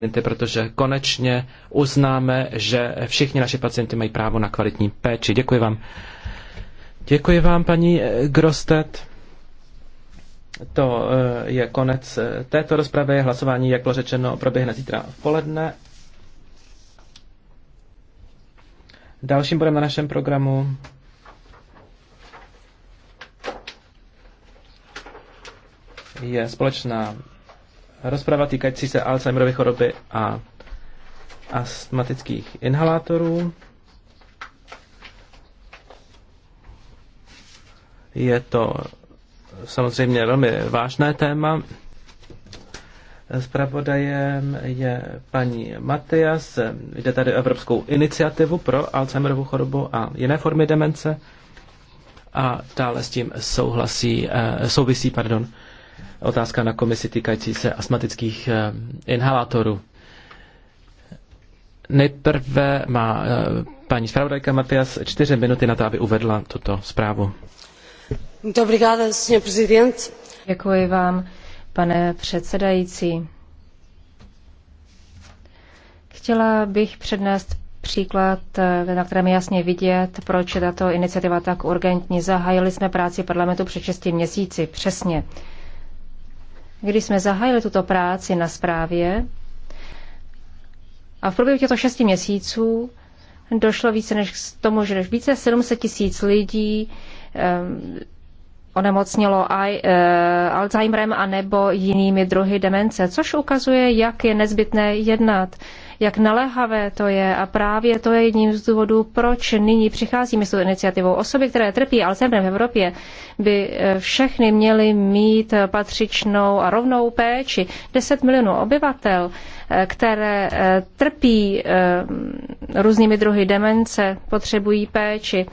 pacienty, protože konečně uznáme, že všichni naši pacienty mají právo na kvalitní péči. Děkuji vám. Děkuji vám, paní eh, Grostet. To eh, je konec eh, této rozpravy. Hlasování, jak bylo řečeno, proběhne zítra v poledne. Dalším bodem na našem programu je společná rozprava týkající se Alzheimerovy choroby a astmatických inhalátorů. Je to samozřejmě velmi vážné téma. Zpravodajem je paní Matias. Jde tady o Evropskou iniciativu pro Alzheimerovu chorobu a jiné formy demence. A dále s tím souhlasí, eh, souvisí pardon, otázka na komisi týkající se astmatických eh, inhalátorů. Nejprve má eh, paní zpravodajka Matias čtyři minuty na to, aby uvedla tuto zprávu. Děkuji vám, pane předsedající. Chtěla bych přednést příklad, eh, na kterém je jasně vidět, proč je tato iniciativa tak urgentní. Zahájili jsme práci parlamentu před 6 měsíci, přesně když jsme zahájili tuto práci na zprávě a v průběhu těchto šesti měsíců došlo více než k tomu, že než více 700 tisíc lidí um, ehm, onemocnilo aj, uh, Alzheimerem a nebo jinými druhy demence, což ukazuje, jak je nezbytné jednat. Uh, jak naléhavé to je a právě to je jedním z důvodů, proč nyní přicházíme s tou iniciativou. Osoby, které trpí Alzheimerem v Evropě, by eh, všechny měly mít patřičnou a rovnou péči. 10 milionů obyvatel, eh, které eh, trpí různými druhy demence, potřebují péči.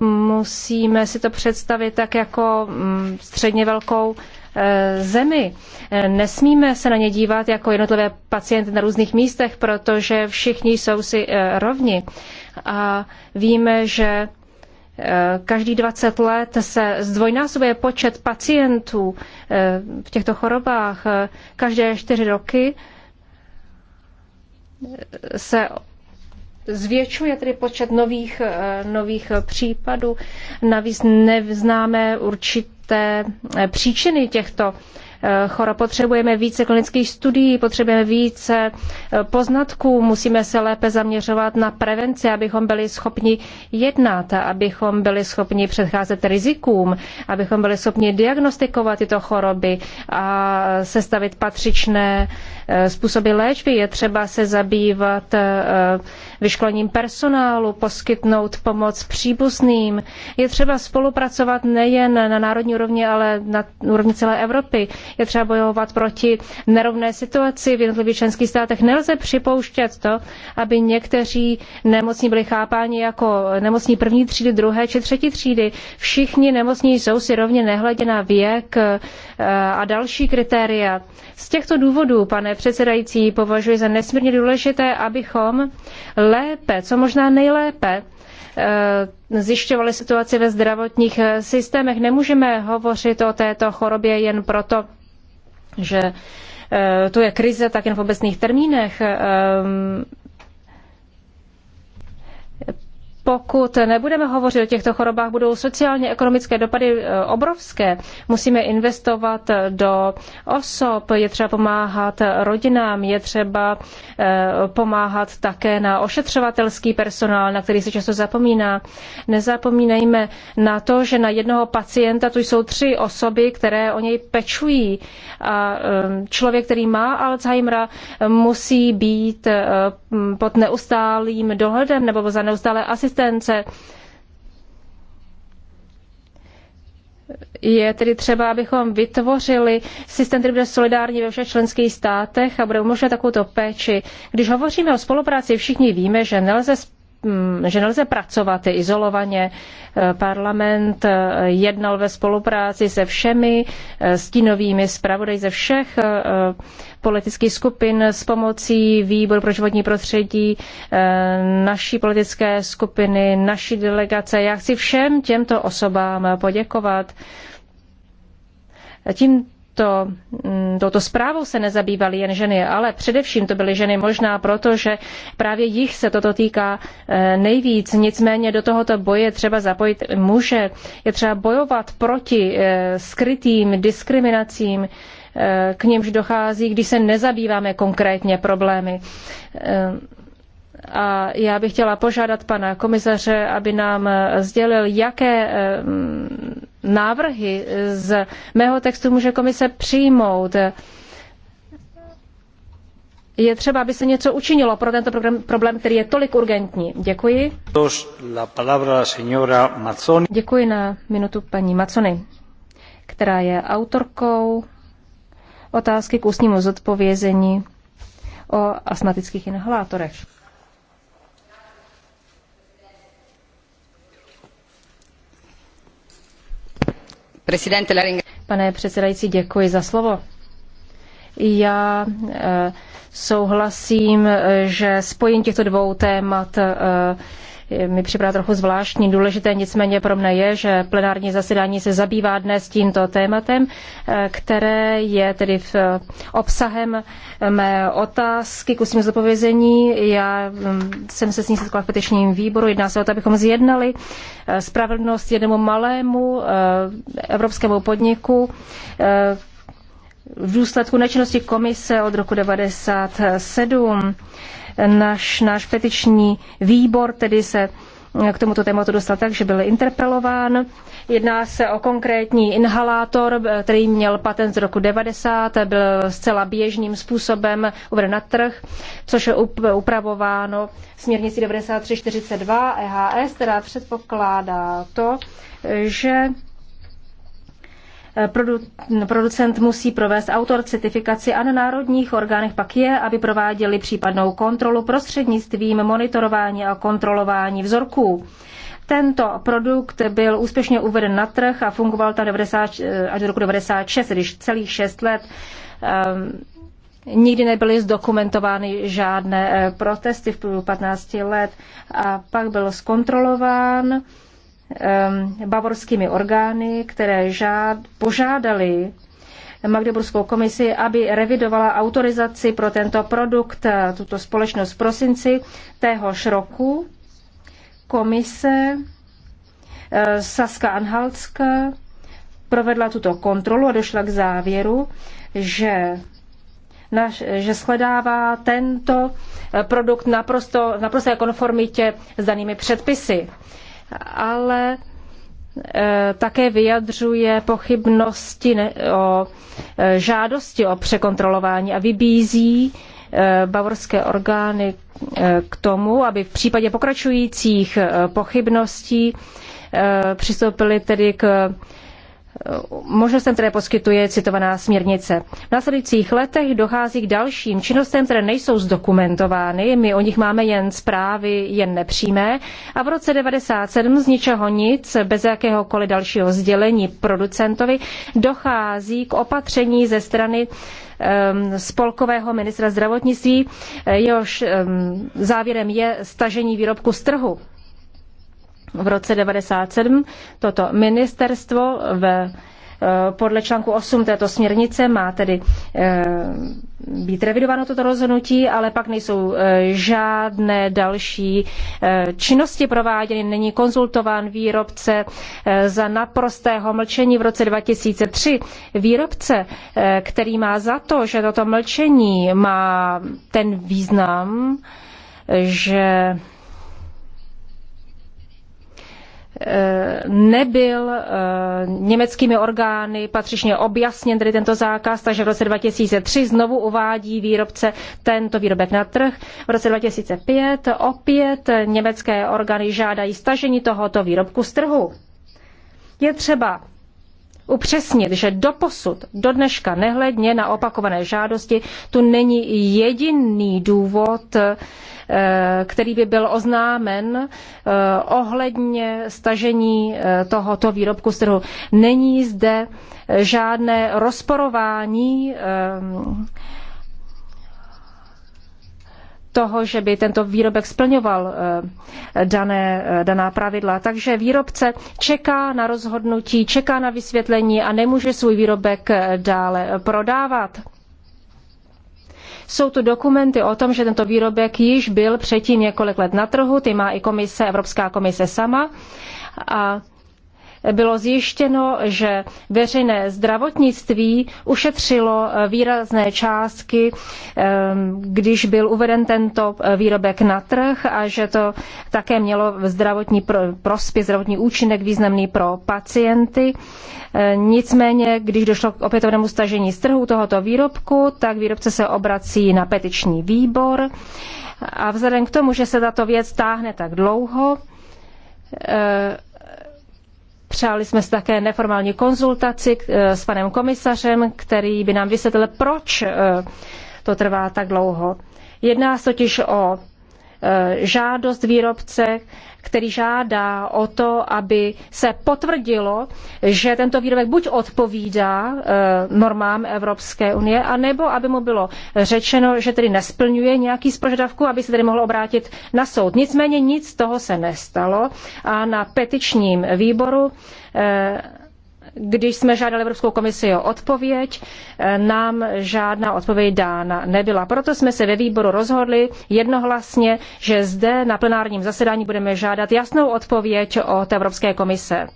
Musíme si to představit tak jako mm, středně velkou Eh, zemi. Eh, nesmíme se na ně dívat jako jednotlivé pacienty na různých místech, protože všichni jsou si eh, rovni. A víme, že každý 20 let se zdvojnásobuje počet pacientů v těchto chorobách. Každé čtyři roky se zvětšuje tedy počet nových, nových případů. Navíc neznáme určitě té eh, příčiny těchto eh, chorob. Potřebujeme více klinických studií, potřebujeme více eh, poznatků, musíme se lépe zaměřovat na prevenci, abychom byli schopni jednat, abychom byli schopni předcházet rizikům, abychom byli schopni diagnostikovat tyto choroby a sestavit patřičné způsoby léčby. Je třeba se zabývat vyškolením personálu, poskytnout pomoc příbuzným. Je třeba spolupracovat nejen na národní úrovni, ale na úrovni celé Evropy. Je třeba bojovat proti nerovné situaci v jednotlivých členských státech. Nelze připouštět to, aby někteří nemocní byli chápáni jako nemocní první třídy, druhé či třetí třídy. Všichni nemocní jsou si rovně nehledě na věk eh, a další kritéria. Z těchto důvodů, pane předsedající, považuji za nesmírně důležité, abychom lépe, co možná nejlépe, eh, zjišťovali situaci ve zdravotních eh, systémech. Nemůžeme hovořit o této chorobě jen proto, že eh, tu je krize, tak jen v obecných termínech. Ehm, pokud nebudeme hovořit o těchto chorobách, budou sociálně ekonomické dopady eh, obrovské. Musíme investovat do osob, je třeba pomáhat rodinám, je třeba eh, pomáhat také na ošetřovatelský personál, na který se často zapomíná. Nezapomínejme na to, že na jednoho pacienta tu jsou tři osoby, které o něj pečují. A ehm, člověk, který má Alzheimera, musí být eh, pod neustálým dohledem nebo za neustálé asistence existence. Je tedy třeba, abychom vytvořili systém, který bude solidární ve všech členských státech a bude umožňovat takovouto péči. Když hovoříme o spolupráci, všichni víme, že nelze že nelze pracovat izolovaně. E, Parlament e, jednal ve spolupráci se všemi e, stínovými zpravodaji ze všech politických skupin s pomocí výboru pro životní prostředí, naší politické skupiny, naší delegace. Já chci všem těmto osobám poděkovat. Tím to, mm, touto zprávou se nezabývaly jen ženy, ale především to byly ženy možná proto, že právě jich se toto týká eh, nejvíc. Nicméně do tohoto boje třeba zapojit muže, je třeba bojovat proti eh, skrytým diskriminacím, eh, k nimž dochází, když se nezabýváme konkrétně problémy. A já bych chtěla požádat pana komisaře, aby nám eh, sdělil, jaké eh, návrhy z mého textu může komise přijmout. Je třeba, aby se něco učinilo pro tento program, problém, který je tolik urgentní. Děkuji. Děkuji na minutu paní Macony, která je autorkou otázky k ústnímu zodpovězení o astmatických inhalátorech. Pane předsedající, děkuji za slovo. Já eh, souhlasím, eh, že spojení těchto dvou témat eh, mi připadá trochu zvláštní. Důležité nicméně pro mne je, že plenární zasedání se zabývá dnes tímto tématem, eh, které je tedy v eh, obsahem eh, mé otázky k ústnímu zodpovězení. Já mm, jsem se s ní setkala v petičním výboru. Jedná se o to, abychom zjednali spravedlnost jednomu malému evropskému podniku, v důsledku nečinnosti komise od roku 1997 náš náš petiční výbor tedy se k tomuto tématu dostal tak, že byl interpelován. Jedná se o konkrétní inhalátor, který měl patent z roku 90, byl zcela běžným způsobem uveden na trh, což je upravováno směrnicí 9342 EHS, která předpokládá to, že producent musí provést autor certifikaci a na národních orgánech pak je, aby prováděli případnou kontrolu prostřednictvím monitorování a kontrolování vzorků. Tento produkt byl úspěšně uveden na trh a fungoval tam 90, až do roku 96, tedy celých 6 let. Ehm, nikdy nebyly zdokumentovány žádné eh, protesty v průběhu 15 let a pak byl zkontrolován Um, bavorskými orgány, které žád, požádali Magdeburskou komisi, aby revidovala autorizaci pro tento produkt, tuto společnost v prosinci téhož roku. Komise eh, Saska Anhaltska provedla tuto kontrolu a došla k závěru, že naš, že shledává tento eh, produkt naprosto, naprosté konformitě s danými předpisy ale e, také vyjadřuje pochybnosti o e, žádosti o překontrolování a vybízí e, bavorské orgány k tomu, aby v případě pokračujících pochybností přistoupili tedy k možnostem, které poskytuje citovaná směrnice. V následujících letech dochází k dalším činnostem, které nejsou zdokumentovány. My o nich máme jen zprávy, jen nepřímé. A v roce 1997 z ničeho nic, bez jakéhokoliv dalšího sdělení producentovi, dochází k opatření ze strany ehm, spolkového ministra zdravotnictví, eh, jehož ehm, závěrem je stažení výrobku z trhu v roce 1997 toto ministerstvo v, eh, podle článku 8 této směrnice má tedy eh, být revidováno toto rozhodnutí, ale pak nejsou eh, žádné další činnosti prováděny, není konzultován výrobce za naprostého mlčení v roce 2003. Výrobce, který má za to, že toto mlčení má ten význam, že nebyl eh, německými orgány patřičně objasněn tedy tento zákaz, takže v roce 2003 znovu uvádí výrobce tento výrobek na trh. V roce 2005 opět německé orgány žádají stažení tohoto výrobku z trhu. Je třeba upřesnit, že doposud, do dneška nehledně na opakované žádosti, tu není jediný důvod, eh, který by byl oznámen eh, ohledně stažení eh, tohoto výrobku z trhu. Není zde žádné rozporování toho, že by tento výrobek splňoval eh, dané, eh, daná pravidla. Takže výrobce čeká na rozhodnutí, čeká na vysvětlení a nemůže svůj výrobek eh, dále prodávat. Jsou tu dokumenty o tom, že tento výrobek již byl předtím několik let na trhu, ty má i komise, Evropská komise sama. A bylo zjištěno, že veřejné zdravotnictví ušetřilo eh, výrazné částky, ehm, když byl uveden tento eh, výrobek na trh a že to také mělo zdravotní prospěch, zdravotní účinek významný pro pacienty. Eh, nicméně, když došlo k opětovnému stažení z trhu tohoto výrobku, tak výrobce se obrací na petiční výbor. A vzhledem k tomu, že se tato věc táhne tak dlouho, Přáli jsme si také neformální konzultaci eh, s panem komisařem, který by nám vysvětlil, proč eh, to trvá tak dlouho. Jedná se totiž o Eh, žádost výrobce, který žádá o to, aby se potvrdilo, že tento výrobek buď odpovídá eh, normám Evropské unie, anebo aby mu bylo řečeno, že tedy nesplňuje nějaký z požadavků, aby se tedy mohl obrátit na soud. Nicméně nic toho se nestalo a na petičním výboru eh, když jsme žádali Evropskou komisi o odpověď, eh, nám žádná odpověď dána nebyla. Proto jsme se ve výboru rozhodli jednohlasně, že zde na plenárním zasedání budeme žádat jasnou odpověď od Evropské komise.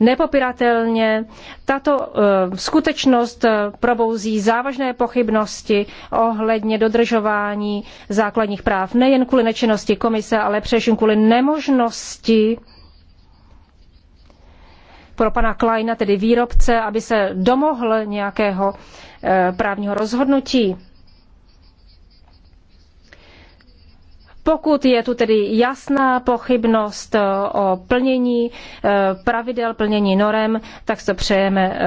Nepopiratelně tato eh, skutečnost eh, probouzí závažné pochybnosti ohledně dodržování základních práv nejen kvůli nečinnosti komise, ale především kvůli nemožnosti pro pana Kleina, tedy výrobce, aby se domohl nějakého e, právního rozhodnutí. Pokud je tu tedy jasná pochybnost e, o plnění e, pravidel, plnění norem, tak se přejeme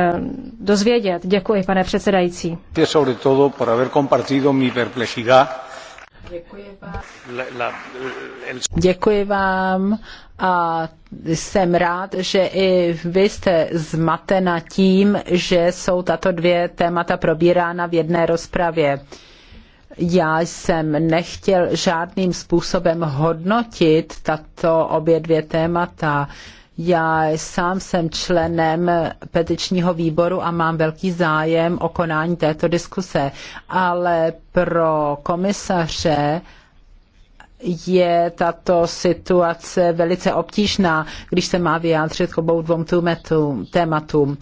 dozvědět. Děkuji, pane předsedající. Děkuji vám. Děkuji vám a jsem rád, že i vy jste zmatena tím, že jsou tato dvě témata probírána v jedné rozpravě. Já jsem nechtěl žádným způsobem hodnotit tato obě dvě témata. Já sám jsem členem petičního výboru a mám velký zájem o konání této diskuse, ale pro komisaře je tato situace velice obtížná, když se má vyjádřit k obou dvou tématům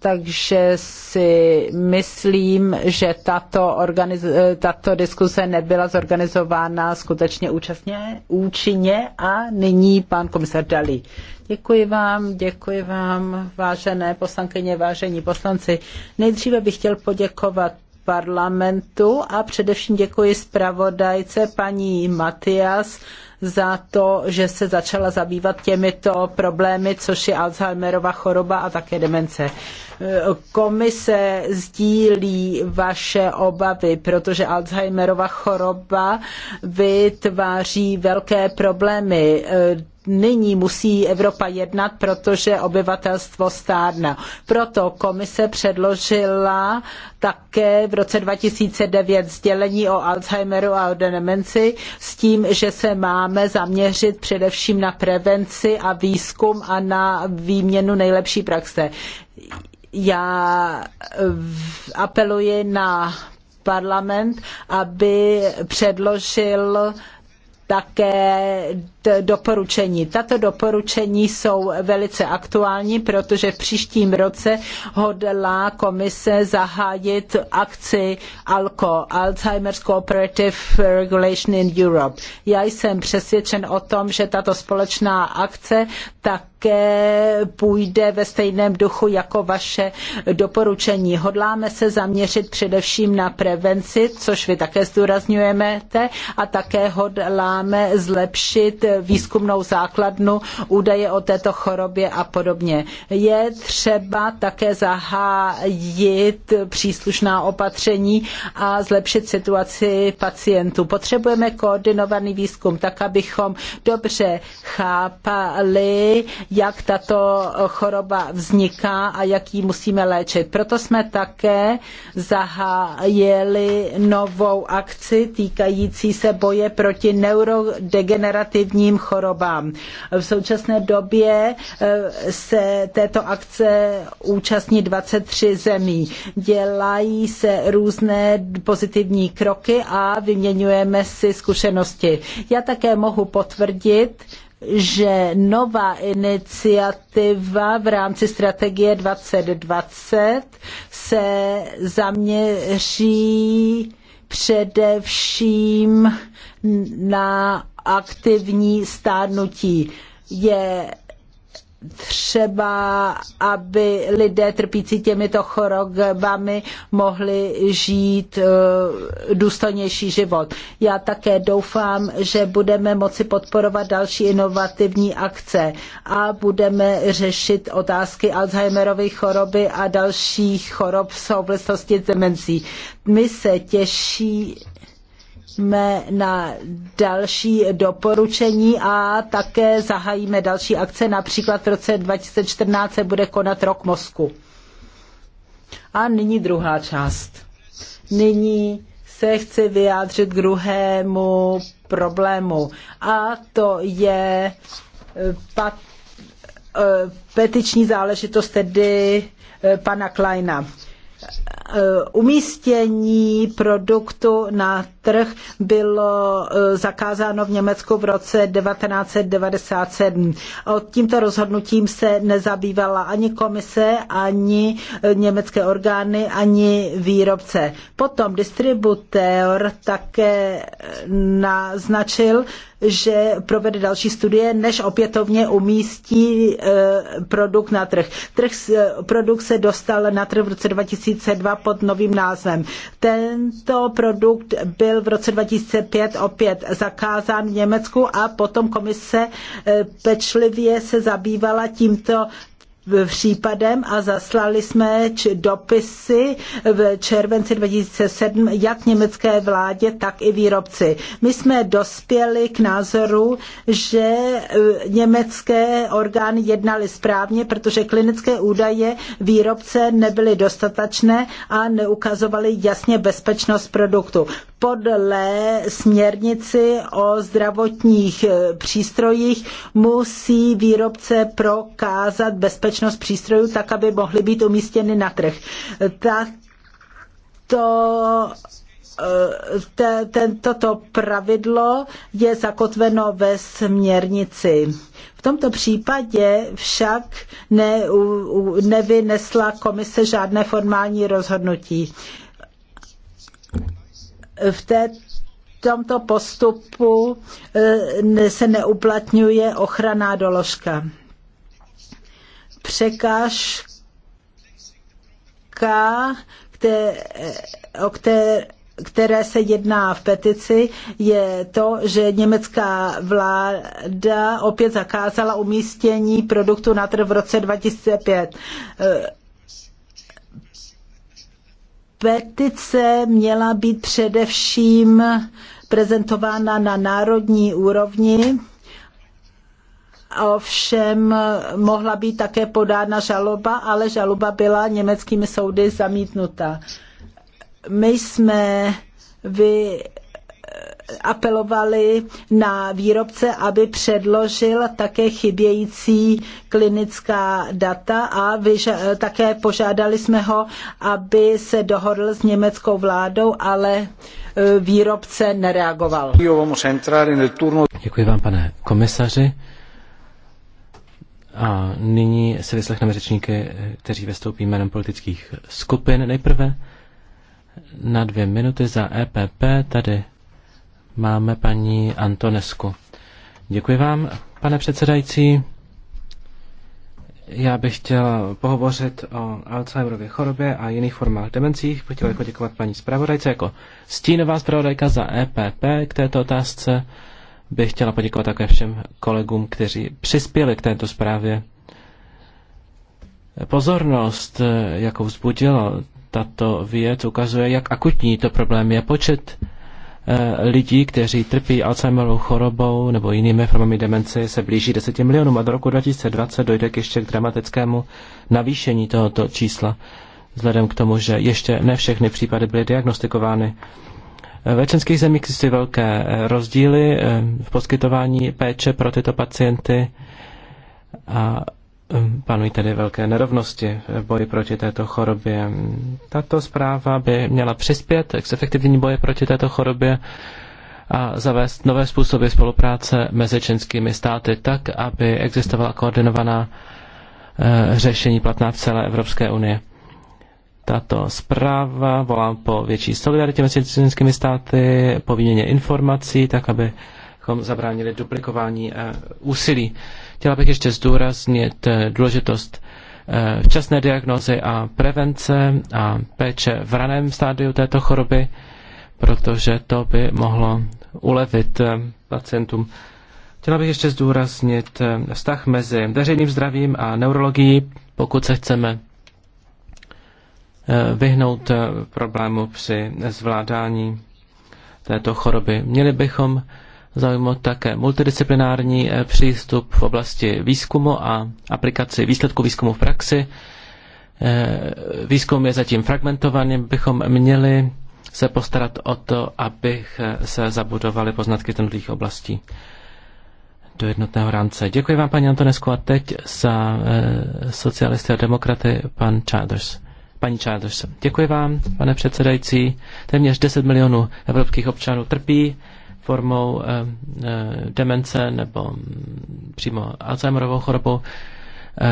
takže si myslím, že tato, organiz- tato diskuse nebyla zorganizována skutečně účastně, účinně a nyní pan komisar Dalí. Děkuji vám, děkuji vám, vážené poslankyně, vážení poslanci. Nejdříve bych chtěl poděkovat parlamentu a především děkuji zpravodajce paní Matias za to, že se začala zabývat těmito problémy, což je Alzheimerova choroba a také demence. Komise sdílí vaše obavy, protože Alzheimerova choroba vytváří velké problémy nyní musí Evropa jednat, protože obyvatelstvo stárne. Proto komise předložila také v roce 2009 sdělení o Alzheimeru a o demenci s tím, že se máme zaměřit především na prevenci a výzkum a na výměnu nejlepší praxe. Já apeluji na parlament, aby předložil také doporučení. Tato doporučení jsou velice aktuální, protože v příštím roce hodlá komise zahájit akci ALCO, Alzheimer's Cooperative Regulation in Europe. Já jsem přesvědčen o tom, že tato společná akce také půjde ve stejném duchu jako vaše doporučení. Hodláme se zaměřit především na prevenci, což vy také zdůrazňujete, a také hodláme zlepšit výzkumnou základnu, údaje o této chorobě a podobně. Je třeba také zahájit příslušná opatření a zlepšit situaci pacientů. Potřebujeme koordinovaný výzkum, tak abychom dobře chápali, jak tato choroba vzniká a jak ji musíme léčit. Proto jsme také zahájili novou akci týkající se boje proti neurodegenerativní infekčním chorobám. V současné době eh, se této akce účastní 23 zemí. Dělají se různé pozitivní kroky a vyměňujeme si zkušenosti. Já také mohu potvrdit, že nová iniciativa v rámci strategie 2020 se zaměří především na aktivní stárnutí. Je třeba, aby lidé trpící těmito chorobami mohli žít eh, důstojnější život. Já také doufám, že budeme moci podporovat další inovativní akce a budeme řešit otázky Alzheimerovy choroby a dalších chorob v souvislosti s demencí. My se těší, jsme na další doporučení a také zahájíme další akce. Například v roce 2014 se bude konat rok mozku. A nyní druhá část. Nyní se chci vyjádřit k druhému problému. A to je eh, pat, eh, petiční záležitost tedy eh, pana Kleina. Eh, umístění produktu na trh bylo eh, zakázáno v Německu v roce 1997. Od tímto rozhodnutím se nezabývala ani komise, ani eh, německé orgány, ani výrobce. Potom distributor také naznačil, že provede další studie, než opětovně umístí e, produkt na trh. trh. E, produkt se dostal na trh v roce 2002 pod novým názvem. Tento produkt byl v roce 2005 opět zakázán v Německu a potom komise e, pečlivě se zabývala tímto případem a zaslali jsme dopisy v červenci 2007 jak německé vládě, tak i výrobci. My jsme dospěli k názoru, že e, německé orgány jednaly správně, protože klinické údaje výrobce nebyly dostatečné a neukazovaly jasně bezpečnost produktu. Podle směrnici o zdravotních e, přístrojích musí výrobce prokázat bezpečnost bezpečnost přístrojů tak, aby mohly být umístěny na trh. Tak to eh, te, tento toto pravidlo je zakotveno ve směrnici. V tomto případě však ne, u, nevynesla komise žádné formální rozhodnutí. V té, tomto postupu eh, se neuplatňuje ochranná doložka překážka, o které které se jedná v petici, je to, že německá vláda opět zakázala umístění produktu na trh v roce 2005. Petice měla být především prezentována na národní úrovni ovšem mohla být také podána žaloba, ale žaloba byla německými soudy zamítnuta. My jsme vy eh, apelovali na výrobce, aby předložil také chybějící klinická data a vyža- eh, také požádali jsme ho, aby se dohodl s německou vládou, ale eh, výrobce nereagoval. Děkuji vám, pane komisaři. A nyní se vyslechneme řečníky, kteří vystoupí jménem politických skupin. Nejprve na dvě minuty za EPP tady máme paní Antonesku. Děkuji vám, pane předsedající. Já bych chtěl pohovořit o Alzheimerově chorobě a jiných formách demencích. Chtěl bych poděkovat paní zpravodajce jako stínová zpravodajka za EPP k této otázce bych chtěla poděkovat také všem kolegům, kteří přispěli k této zprávě. Pozornost, jakou vzbudila tato věc, ukazuje, jak akutní to problém je. Počet eh, lidí, kteří trpí Alzheimerovou chorobou nebo jinými formami demence, se blíží 10 milionům a do roku 2020 dojde k ještě k dramatickému navýšení tohoto čísla, vzhledem k tomu, že ještě ne všechny případy byly diagnostikovány. Ve členských zemích existují velké eh, rozdíly eh, v poskytování péče pro tyto pacienty a eh, panují tedy velké nerovnosti v boji proti této chorobě. Tato zpráva by měla přispět k efektivní boji proti této chorobě a zavést nové způsoby spolupráce mezi členskými státy tak, aby existovala koordinovaná řešení platná v celé Evropské unii. Tato zpráva volám po větší solidaritě mezi členskými státy, po výměně informací, tak abychom zabránili duplikování eh, úsilí. Chtěla bych ještě zdůraznit eh, důležitost eh, včasné diagnozy a prevence a péče v raném stádiu této choroby, protože to by mohlo ulevit pacientům. Chtěla bych ještě zdůraznit vztah mezi veřejným zdravím a neurologií, pokud se chceme Eh, vyhnout eh, problému při zvládání této choroby. Měli bychom zaujmout také multidisciplinární eh, přístup v oblasti výzkumu a aplikaci výsledků výzkumu v praxi. Výzkum je zatím fragmentovaný, bychom měli se postarat o to, abych se zabudovali poznatky z jednotlivých oblastí do jednotného rámce. Děkuji vám, paní Antonesku, a teď za socialisty a demokraty pan Chaders. Paní Čádoš, děkuji vám, pane předsedající. Téměř 10 milionů evropských občanů trpí formou eh, eh demence nebo mm, přímo Alzheimerovou chorobou, eh,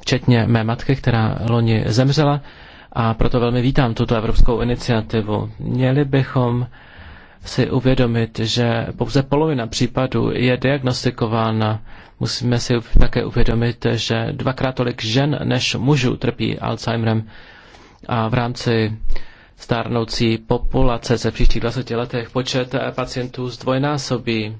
včetně mé matky, která loni zemřela. A proto velmi vítám tuto evropskou iniciativu. Měli bychom si uvědomit, že pouze polovina případů je diagnostikována Musíme si také uvědomit, že dvakrát tolik žen než mužů trpí Alzheimerem a v rámci stárnoucí populace se v příštích 20 letech počet eh, pacientů zdvojnásobí.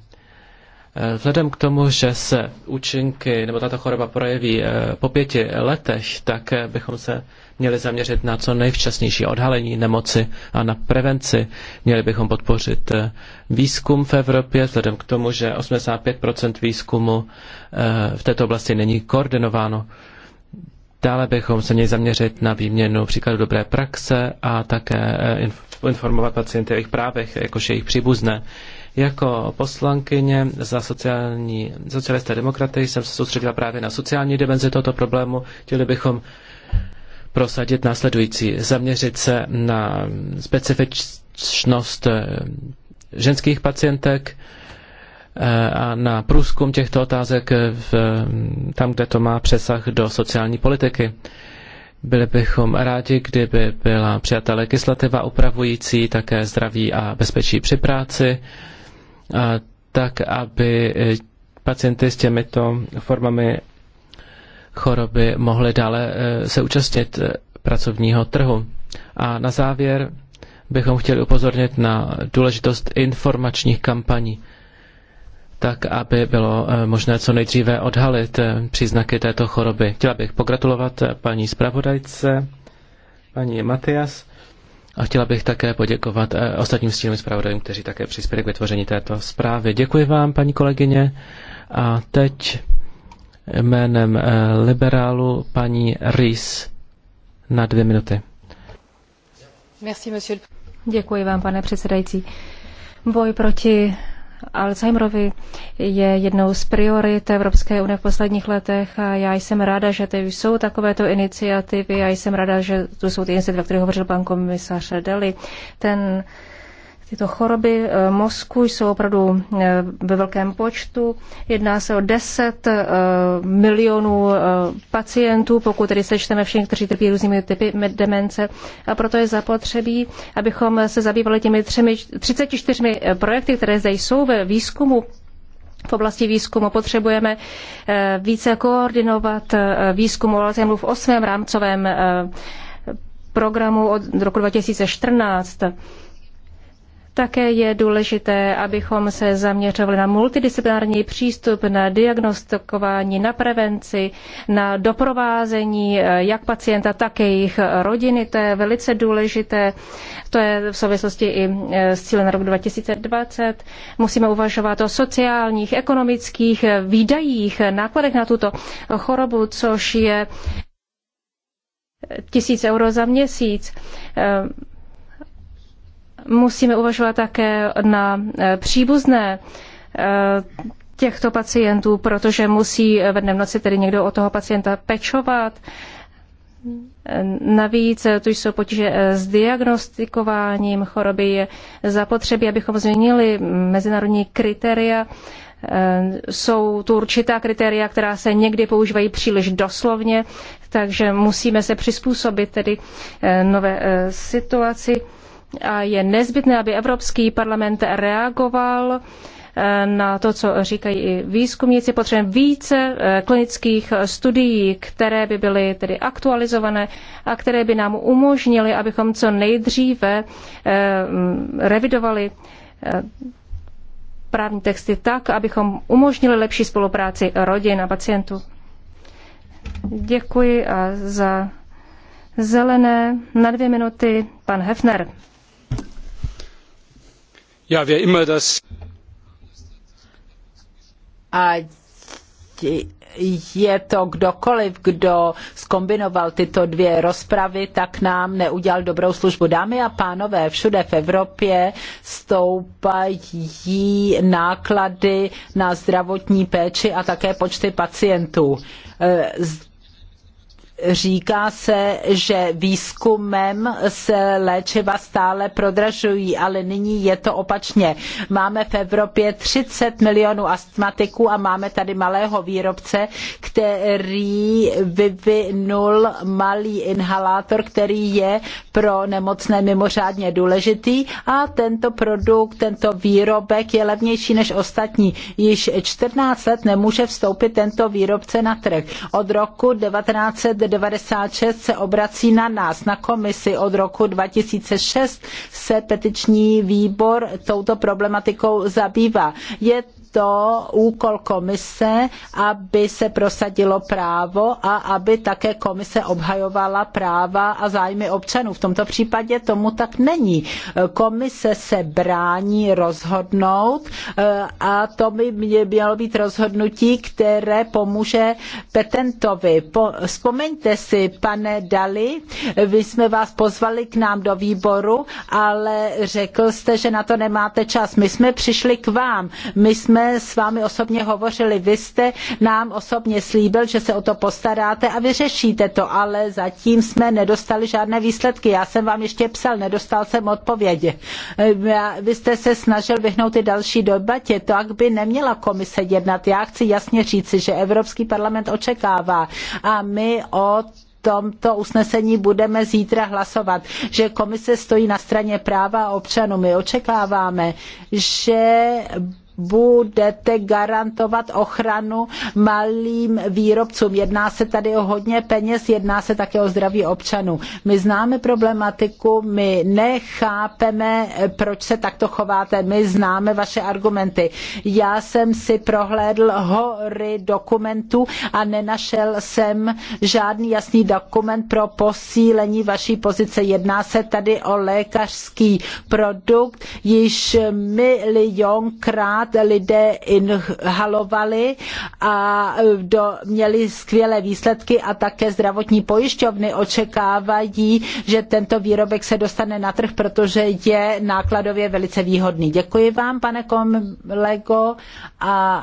Eh, vzhledem k tomu, že se účinky nebo tato choroba projeví eh, po pěti letech, tak bychom se měli zaměřit na co nejvčasnější odhalení nemoci a na prevenci. Měli bychom podpořit eh, výzkum v Evropě, vzhledem k tomu, že 85% výzkumu eh, v této oblasti není koordinováno. Dále bychom se měli zaměřit na výměnu příkladu dobré praxe a také eh, informovat pacienty o jejich právech, jakož jejich příbuzné. Jako poslankyně za sociální, socialisté demokraty jsem se soustředila právě na sociální dimenzi tohoto problému. Chtěli bychom prosadit následující. Zaměřit se na specifičnost eh, ženských pacientek eh, a na průzkum těchto otázek eh, v, tam, kde to má přesah do sociální politiky. Byli bychom rádi, kdyby byla přijata legislativa upravující také zdraví a bezpečí při práci, tak aby pacienty s těmito formami choroby mohly dále eh, se účastnit eh, pracovního trhu. A na závěr bychom chtěli upozornit na důležitost informačních kampaní, tak aby bylo eh, možné co nejdříve odhalit příznaky této choroby. Chtěla bych pogratulovat paní zpravodajce, paní Matias, a chtěla bych také poděkovat ostatním stínovým zpravodajům, kteří také přispěli k vytvoření této zprávy. Děkuji vám, paní kolegyně. A teď jménem eh, liberálu paní Rees na dvě minuty. Děkuji vám, pane předsedající. Boj proti Alzheimerovi je jednou z priorit Evropské unie v posledních letech a já jsem ráda, že tady jsou takovéto iniciativy a jsem ráda, že tu jsou ty iniciativy, o kterých hovořil pan komisař Deli. Ten Tyto choroby eh, mozku jsou opravdu eh, ve velkém počtu. Jedná se o 10 eh, milionů pacientů, pokud tedy sečteme všichni, kteří trpí různými typy demence. A proto je zapotřebí, abychom se zabývali těmi třemi, 34 projekty, které zde jsou ve výzkumu v oblasti výzkumu potřebujeme více koordinovat výzkum o Alzheimeru v osmém rámcovém programu od roku 2014. Také je důležité, abychom se zaměřovali na multidisciplinární přístup, na diagnostikování, na prevenci, na doprovázení eh, jak pacienta, tak jejich rodiny. To je velice důležité. To je v souvislosti i eh, s cílem na rok 2020. Musíme uvažovat o sociálních, ekonomických eh, výdajích, nákladech na tuto chorobu, což je tisíc euro za měsíc. Musíme uvažovat také na eh, příbuzné eh, těchto pacientů, protože musí eh, ve dne v noci tedy někdo o toho pacienta pečovat. Navíc tu jsou potíže s diagnostikováním choroby. Je zapotřebí, abychom změnili mezinárodní kritéria. Jsou tu určitá kritéria, která se někdy používají příliš doslovně, takže musíme se přizpůsobit tedy nové situaci a je nezbytné, aby Evropský parlament reagoval eh, na to, co říkají i výzkumníci. Potřebujeme více eh, klinických studií, které by byly tedy aktualizované a které by nám umožnily, abychom co nejdříve eh, mm, revidovali právní texty tak, abychom umožnili lepší spolupráci rodin a pacientů. Děkuji a za zelené na dvě minuty pan Hefner wer immer das... Ať je to kdokoliv, kdo skombinoval tyto dvě rozpravy, tak nám neudělal dobrou službu. Dámy a pánové, všude v Evropě stoupají náklady na zdravotní péči a také počty pacientů e, Říká se, že výzkumem se léčiva stále prodražují, ale nyní je to opačně. Máme v Evropě 30 milionů astmatiků a máme tady malého výrobce, který vyvinul malý inhalátor, který je pro nemocné mimořádně důležitý a tento produkt, tento výrobek je levnější než ostatní. Již 14 let nemůže vstoupit tento výrobce na trh. Od roku 19 1996 se obrací na nás, na komisi. Od roku 2006 se petiční výbor touto problematikou zabývá. Je to úkol komise, aby se prosadilo právo a aby také komise obhajovala práva a zájmy občanů. V tomto případě tomu tak není. Komise se brání rozhodnout eh, a to by mělo být rozhodnutí, které pomůže petentovi. Po, vzpomeňte si, pane Dali, vy jsme vás pozvali k nám do výboru, ale řekl jste, že na to nemáte čas. My jsme přišli k vám. My jsme jsme s vámi osobně hovořili. Vy jste nám osobně slíbil, že se o to postaráte a vyřešíte to, ale zatím jsme nedostali žádné výsledky. Já jsem vám ještě psal, nedostal jsem odpovědi. Eh, vy jste se snažil vyhnout i další debatě, tak by neměla komise jednat. Já chci jasně říci, že Evropský parlament očekává a my od tomto usnesení budeme zítra hlasovat, že komise stojí na straně práva a občanů. My očekáváme, že budete garantovat ochranu malým výrobcům. Jedná se tady o hodně peněz, jedná se také o zdraví občanů. My známe problematiku, my nechápeme, proč se takto chováte, my známe vaše argumenty. Já jsem si prohlédl hory dokumentů a nenašel jsem žádný jasný dokument pro posílení vaší pozice. Jedná se tady o lékařský produkt, již milionkrát lidé inhalovali a e, do, měli skvělé výsledky a také zdravotní pojišťovny očekávají, že tento výrobek se dostane na trh, protože je nákladově velice výhodný. Děkuji vám, pane kolego. A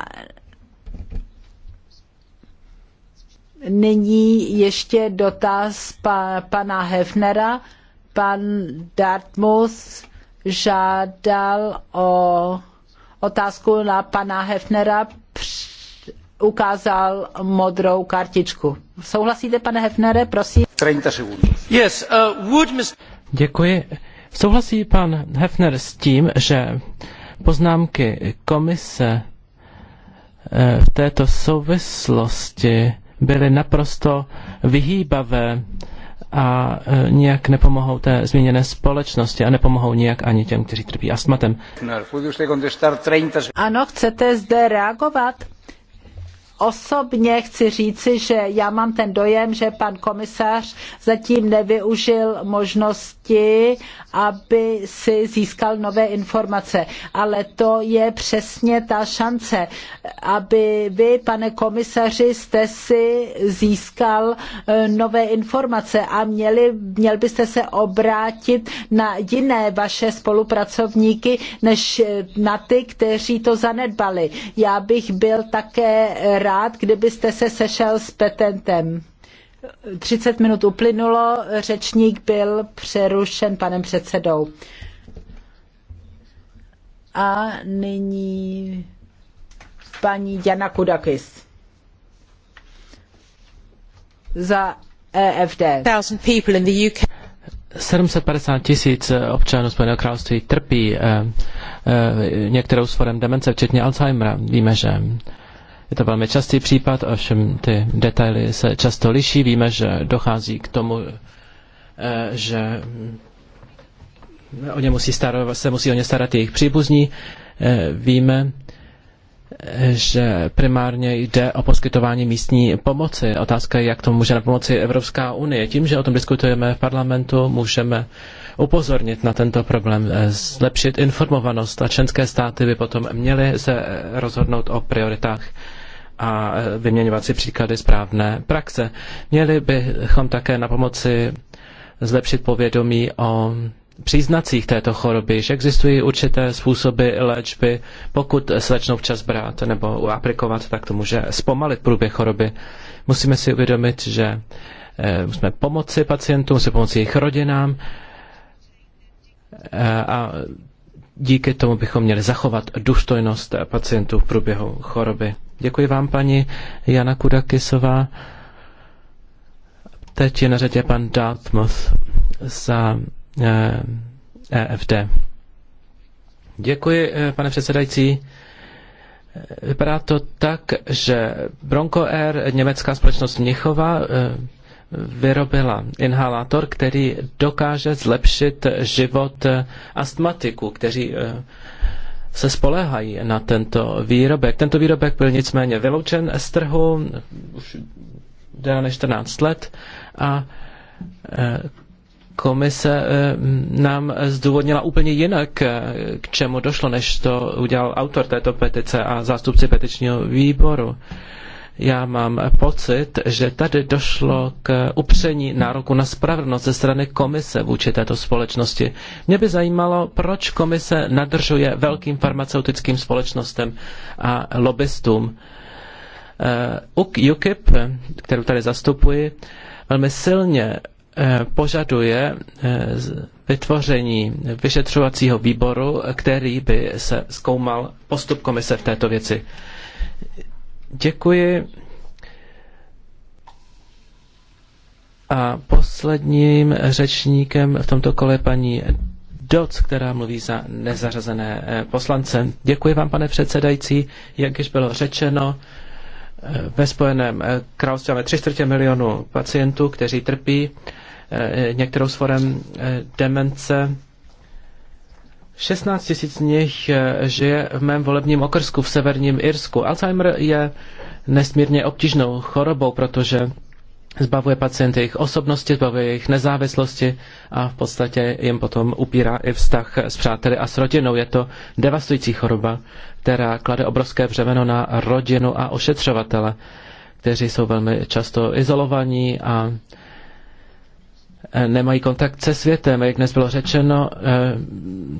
nyní ještě dotaz pa, pana Hefnera. Pan Dartmus žádal o otázku na pana Hefnera ukázal modrou kartičku. Souhlasíte, pane Hefnere, prosím? 30 sekund. Yes, uh, would mis- Děkuji. Souhlasí pan Hefner s tím, že poznámky komise eh, v této souvislosti byly naprosto vyhýbavé a e, nijak nepomohou té změněné společnosti a nepomohou nijak ani těm, kteří trpí astmatem. Ano, chcete zde reagovat? Osobně chci říci, že já mám ten dojem, že pan komisař zatím nevyužil možnosti, aby si získal nové informace. Ale to je přesně ta šance, aby vy, pane komisaři, jste si získal eh, nové informace a měli, měl byste se obrátit na jiné vaše spolupracovníky, než eh, na ty, kteří to zanedbali. Já bych byl také rád, rád, kdybyste se sešel s petentem. 30 minut uplynulo, řečník byl přerušen panem předsedou. A nyní paní Jana Kudakis za EFD. 750 tisíc občanů Spojeného království trpí eh, eh, některou z forem demence, včetně Alzheimera. Víme, že je to velmi častý případ, ovšem ty detaily se často liší. Víme, že dochází k tomu, eh, že o ně musí starovat, se musí o ně starat jejich příbuzní. Eh, víme, eh, že primárně jde o poskytování místní pomoci. Otázka je, jak tomu může na pomoci Evropská unie. Tím, že o tom diskutujeme v parlamentu, můžeme upozornit na tento problém, zlepšit informovanost a členské státy by potom měly se rozhodnout o prioritách a vyměňovat si příklady správné praxe. Měli bychom také na pomoci zlepšit povědomí o příznacích této choroby, že existují určité způsoby léčby. Pokud slečnou včas brát nebo aplikovat, tak to může zpomalit průběh choroby. Musíme si uvědomit, že eh, musíme pomoci pacientům, musíme pomoci jejich rodinám eh, a díky tomu bychom měli zachovat důstojnost pacientů v průběhu choroby. Děkuji vám, paní Jana Kudakisová. Teď je na řadě pan Dartmouth za EFD. Eh, e Děkuji, eh, pane předsedající. Vypadá to tak, že Bronco Air, německá společnost Mnichova, eh, vyrobila inhalátor, který dokáže zlepšit život astmatiků, kteří se spoléhají na tento výrobek. Tento výrobek byl nicméně vyloučen z trhu už déle než 14 let a e, komise e, nám zdůvodnila úplně jinak, e, k čemu došlo, než to udělal autor této petice a zástupci petičního výboru. Já mám pocit, že tady došlo k upření nároku na spravedlnost ze strany komise vůči této společnosti. Mě by zajímalo, proč komise nadržuje velkým farmaceutickým společnostem a lobbystům. Eh, UKIP, kterou tady zastupuji, velmi silně eh, požaduje eh, vytvoření vyšetřovacího výboru, který by se zkoumal postup komise v této věci. Děkuji. A posledním řečníkem v tomto kole paní Doc, která mluví za nezařazené eh, poslance. Děkuji vám, pane předsedající. Jak již bylo řečeno, eh, ve Spojeném eh, království máme tři čtvrtě milionu pacientů, kteří trpí některou z forem demence 16 tisíc z nich eh, žije v mém volebním okrsku v severním Irsku. Alzheimer je nesmírně obtížnou chorobou, protože zbavuje pacienty jejich osobnosti, zbavuje jejich nezávislosti a v podstatě jim potom upírá i vztah s přáteli a s rodinou. Je to devastující choroba, která klade obrovské břemeno na rodinu a ošetřovatele, kteří jsou velmi často izolovaní a Eh, nemají kontakt se světem. Jak dnes bylo řečeno, eh,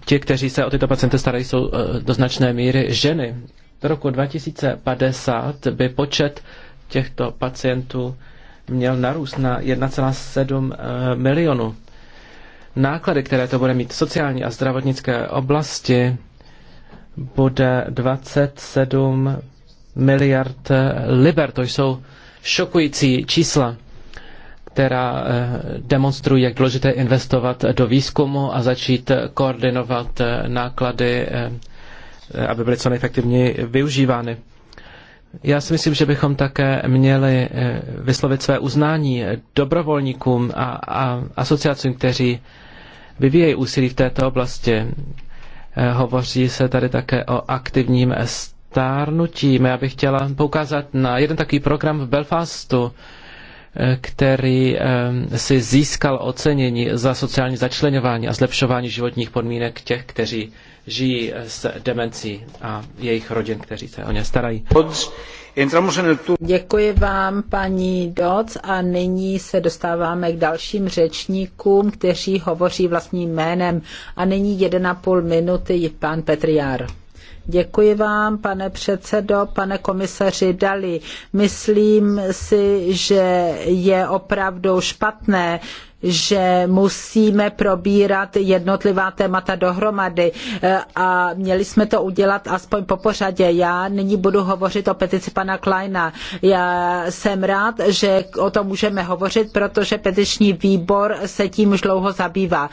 ti, kteří se o tyto pacienty starají, jsou eh, do značné míry ženy. Do roku 2050 by počet těchto pacientů měl narůst na 1,7 milionu. Náklady, které to bude mít v sociální a zdravotnické oblasti, bude 27 miliard liber. To jsou šokující čísla která eh, demonstrují, jak důležité investovat do výzkumu a začít koordinovat eh, náklady, eh, aby byly co nejefektivněji využívány. Já si myslím, že bychom také měli vyslovit své uznání dobrovolníkům a, a asociacím, kteří vyvíjejí úsilí v této oblasti. Hovoří se tady také o aktivním stárnutí. Já bych chtěla poukázat na jeden takový program v Belfastu, který si získal ocenění za sociální začlenování a zlepšování životních podmínek těch, kteří žijí eh, s demencí a jejich rodin, kteří se o ně starají. Děkuji vám, paní Doc, a nyní se dostáváme k dalším řečníkům, kteří hovoří vlastním jménem. A nyní 1,5 minuty pan Petriár. Děkuji vám, pane předsedo, pane komisaři Dali. Myslím si, že je opravdu špatné, že musíme probírat jednotlivá témata dohromady e, a měli jsme to udělat aspoň po pořadě. Já nyní budu hovořit o petici pana Kleina. Já jsem rád, že o tom můžeme hovořit, protože petiční výbor se tím už dlouho zabývá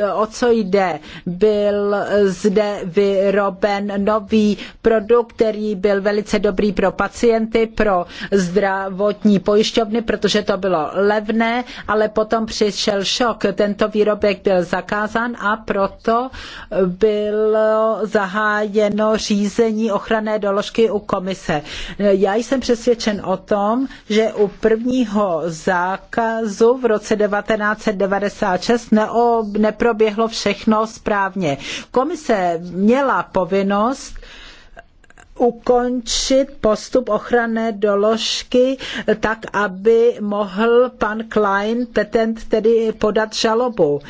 e, o co jde. Byl zde vyroben nový produkt, který byl velice dobrý pro pacienty, pro zdravotní pojišťovny, protože to bylo levné, ale potom při přišel šok. Tento výrobek byl zakázán a proto bylo zahájeno řízení ochranné doložky u komise. Já jsem přesvědčen o tom, že u prvního zákazu v roce 1996 neproběhlo všechno správně. Komise měla povinnost ukončit postup ochranné doložky tak, aby mohl pan Klein, petent, tedy podat žalobu.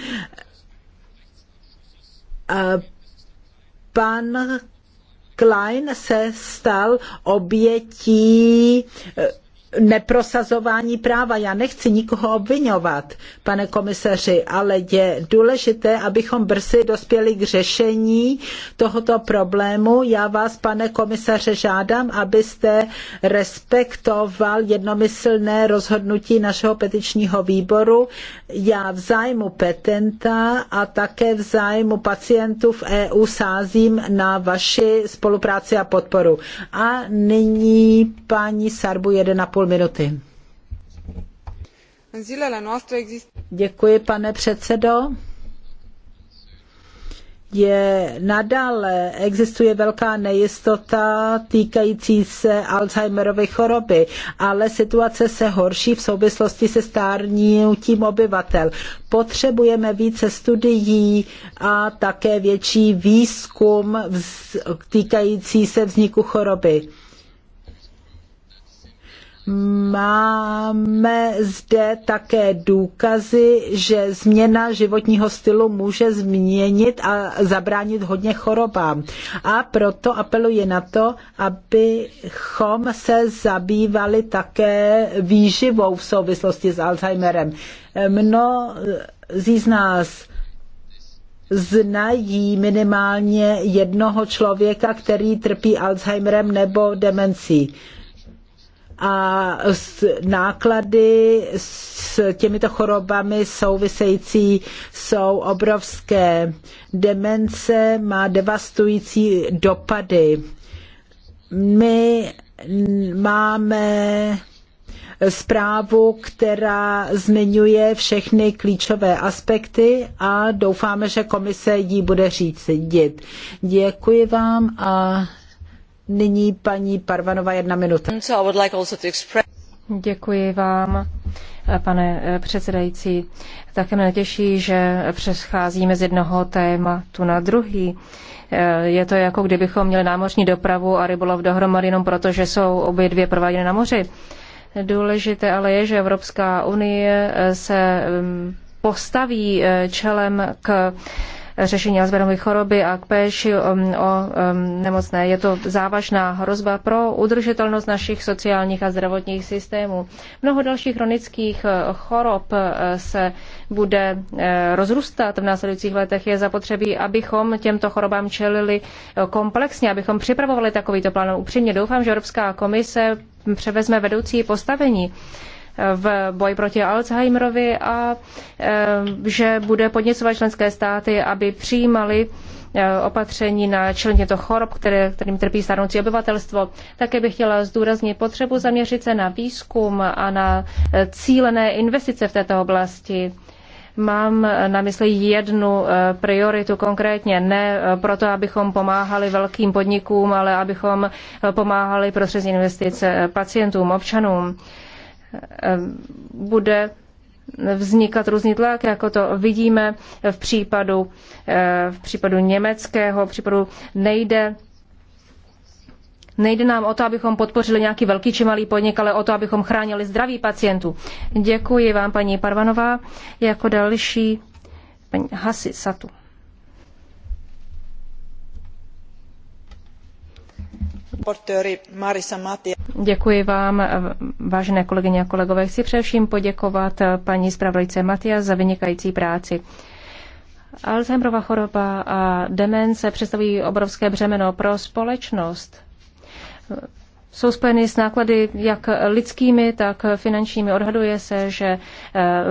Pan Klein se stal obětí neprosazování práva. Já nechci nikoho obvinovat, pane komisaři, ale je důležité, abychom brzy dospěli k řešení tohoto problému. Já vás, pane komisaře, žádám, abyste respektoval jednomyslné rozhodnutí našeho petičního výboru. Já v zájmu petenta a také v zájmu pacientů v EU sázím na vaši spolupráci a podporu. A nyní paní Sarbu 1,5 půl minuty. Děkuji, pane předsedo je nadále existuje velká nejistota týkající se Alzheimerovy choroby, ale situace se horší v souvislosti se stárnutím obyvatel. Potřebujeme více studií a také větší výzkum týkající se vzniku choroby Máme zde také důkazy, že změna životního stylu může změnit a zabránit hodně chorobám. A proto apeluji na to, abychom se zabývali také výživou v souvislosti s Alzheimerem. Mnozí z nás znají minimálně jednoho člověka, který trpí Alzheimerem nebo demencí a náklady s těmito chorobami související jsou obrovské. Demence má devastující dopady. My máme zprávu, která zmiňuje všechny klíčové aspekty a doufáme, že komise ji bude říct. Děkuji vám a Nyní paní Parvanova jedna minuta. Děkuji vám, pane předsedající. Také mě těší, že přescházíme z jednoho tématu na druhý. Je to jako kdybychom měli námořní dopravu a rybolov dohromady jenom proto, že jsou obě dvě prováděny na moři. Důležité ale je, že Evropská unie se mm, postaví eh, čelem k řešení Alzheimerovy choroby a k péči o, o nemocné. Je to závažná hrozba pro udržitelnost našich sociálních a zdravotních systémů. Mnoho dalších chronických e, chorob e, se bude e, rozrůstat v následujících letech. Je zapotřebí, abychom těmto chorobám čelili komplexně, abychom připravovali takovýto plán. Upřímně doufám, že Evropská komise převezme vedoucí postavení v boji proti Alzheimerovi a eh, že bude podněcovat členské státy, aby přijímali eh, opatření na člen těchto chorob, které, kterým trpí starnoucí obyvatelstvo. Také bych chtěla zdůraznit potřebu zaměřit se na výzkum a na eh, cílené investice v této oblasti. Mám na mysli jednu prioritu konkrétně, ne proto, abychom pomáhali velkým podnikům, ale abychom pomáhali prostřednictvím investic pacientům, občanům bude vznikat různý tlak, jako to vidíme v případu, eh, v případu německého, v případu nejde Nejde nám o to, abychom podpořili nějaký velký či malý podnik, ale o to, abychom chránili zdraví pacientů. Děkuji vám, paní Parvanová. Jako další paní Hasi Satu. Portööri Marisa Matia. Děkuji vám, eh, vážené kolegyně a kolegové. Chci především poděkovat eh, paní zpravodajce Matia za vynikající práci. Alzheimerova choroba a demence představují obrovské břemeno pro společnost. Eh, jsou spojeny s náklady jak lidskými, tak finančními. Odhaduje se, že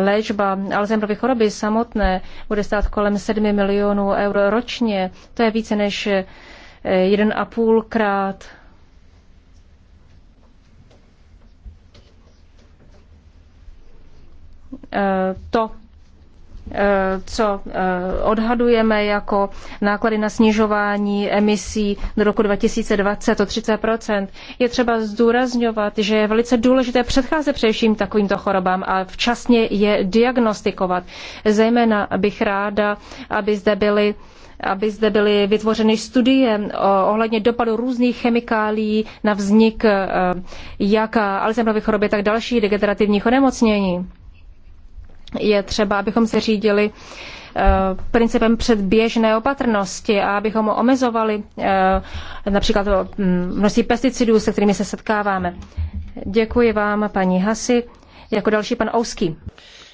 léčba Alzheimerovy choroby samotné bude stát kolem 7 milionů eur ročně. To je více než 1,5 krát Eh, to, eh, co eh, odhadujeme jako náklady na snižování emisí do roku 2020 o 30 je třeba zdůrazňovat, že je velice důležité předcházet především takovýmto chorobám a včasně je diagnostikovat. Zejména bych ráda, aby zde byly aby zde byly vytvořeny studie ohledně dopadu různých chemikálií na vznik jak Alzheimerovy choroby, tak dalších degenerativních onemocnění je třeba, abychom se řídili eh, principem předběžné opatrnosti a abychom omezovali eh, například eh, množství pesticidů, se kterými se setkáváme. Děkuji vám, paní Hasi. Jako další pan Ouský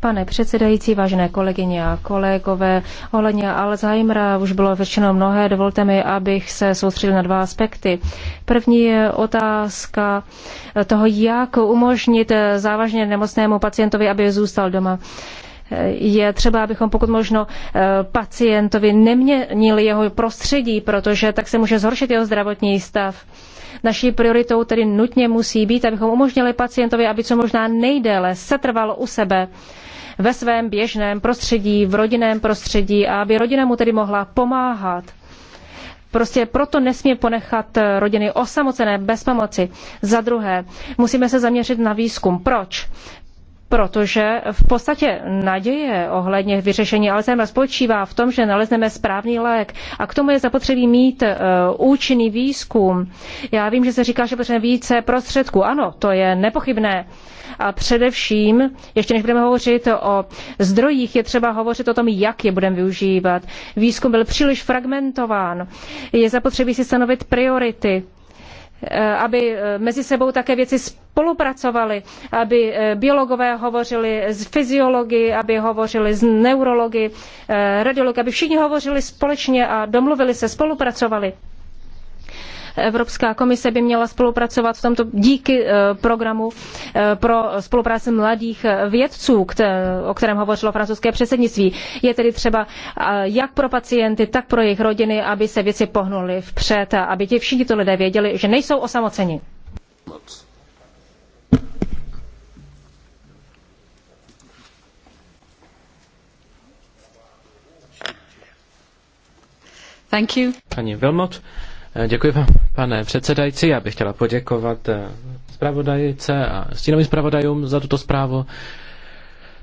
Pane předsedající, vážené kolegyně a kolegové, ohledně Alzheimera už bylo řečeno mnohé, dovolte mi, abych se soustředil na dva aspekty. První je otázka toho, jak umožnit závažně nemocnému pacientovi, aby zůstal doma je třeba, abychom pokud možno eh, pacientovi neměnili jeho prostředí, protože tak se může zhoršit jeho zdravotní stav. Naší prioritou tedy nutně musí být, abychom umožnili pacientovi, aby co možná nejdéle setrval u sebe ve svém běžném prostředí, v rodinném prostředí a aby rodina mu tedy mohla pomáhat. Prostě proto nesmí ponechat rodiny osamocené bez pomoci. Za druhé, musíme se zaměřit na výzkum. Proč? protože v podstatě naděje ohledně vyřešení Alzheimera spočívá v tom, že nalezneme správný lék a k tomu je zapotřebí mít uh, účinný výzkum. Já vím, že se říká, že potřebujeme více prostředků. Ano, to je nepochybné. A především, ještě než budeme hovořit o zdrojích, je třeba hovořit o tom, jak je budeme využívat. Výzkum byl příliš fragmentován. Je zapotřebí si stanovit priority Eh, aby eh, mezi sebou také věci spolupracovali, aby eh, biologové hovořili s fyziology, aby hovořili s neurologi, radiologi, aby všichni hovořili společně a domluvili se, spolupracovali. Evropská komise by měla spolupracovat v tomto díky eh, programu eh, pro spolupráci mladých eh, vědců, o kterém hovořilo francouzské předsednictví. Je tedy třeba jak pro pacienty, tak pro jejich rodiny, aby se věci pohnuly vpřed a aby ti všichni to lidé věděli, že nejsou osamoceni. Thank you. Pani Wilmot. Děkuji vám, pane předsedající. Já bych chtěla poděkovat eh, zpravodajce a stínovým zpravodajům za tuto zprávu.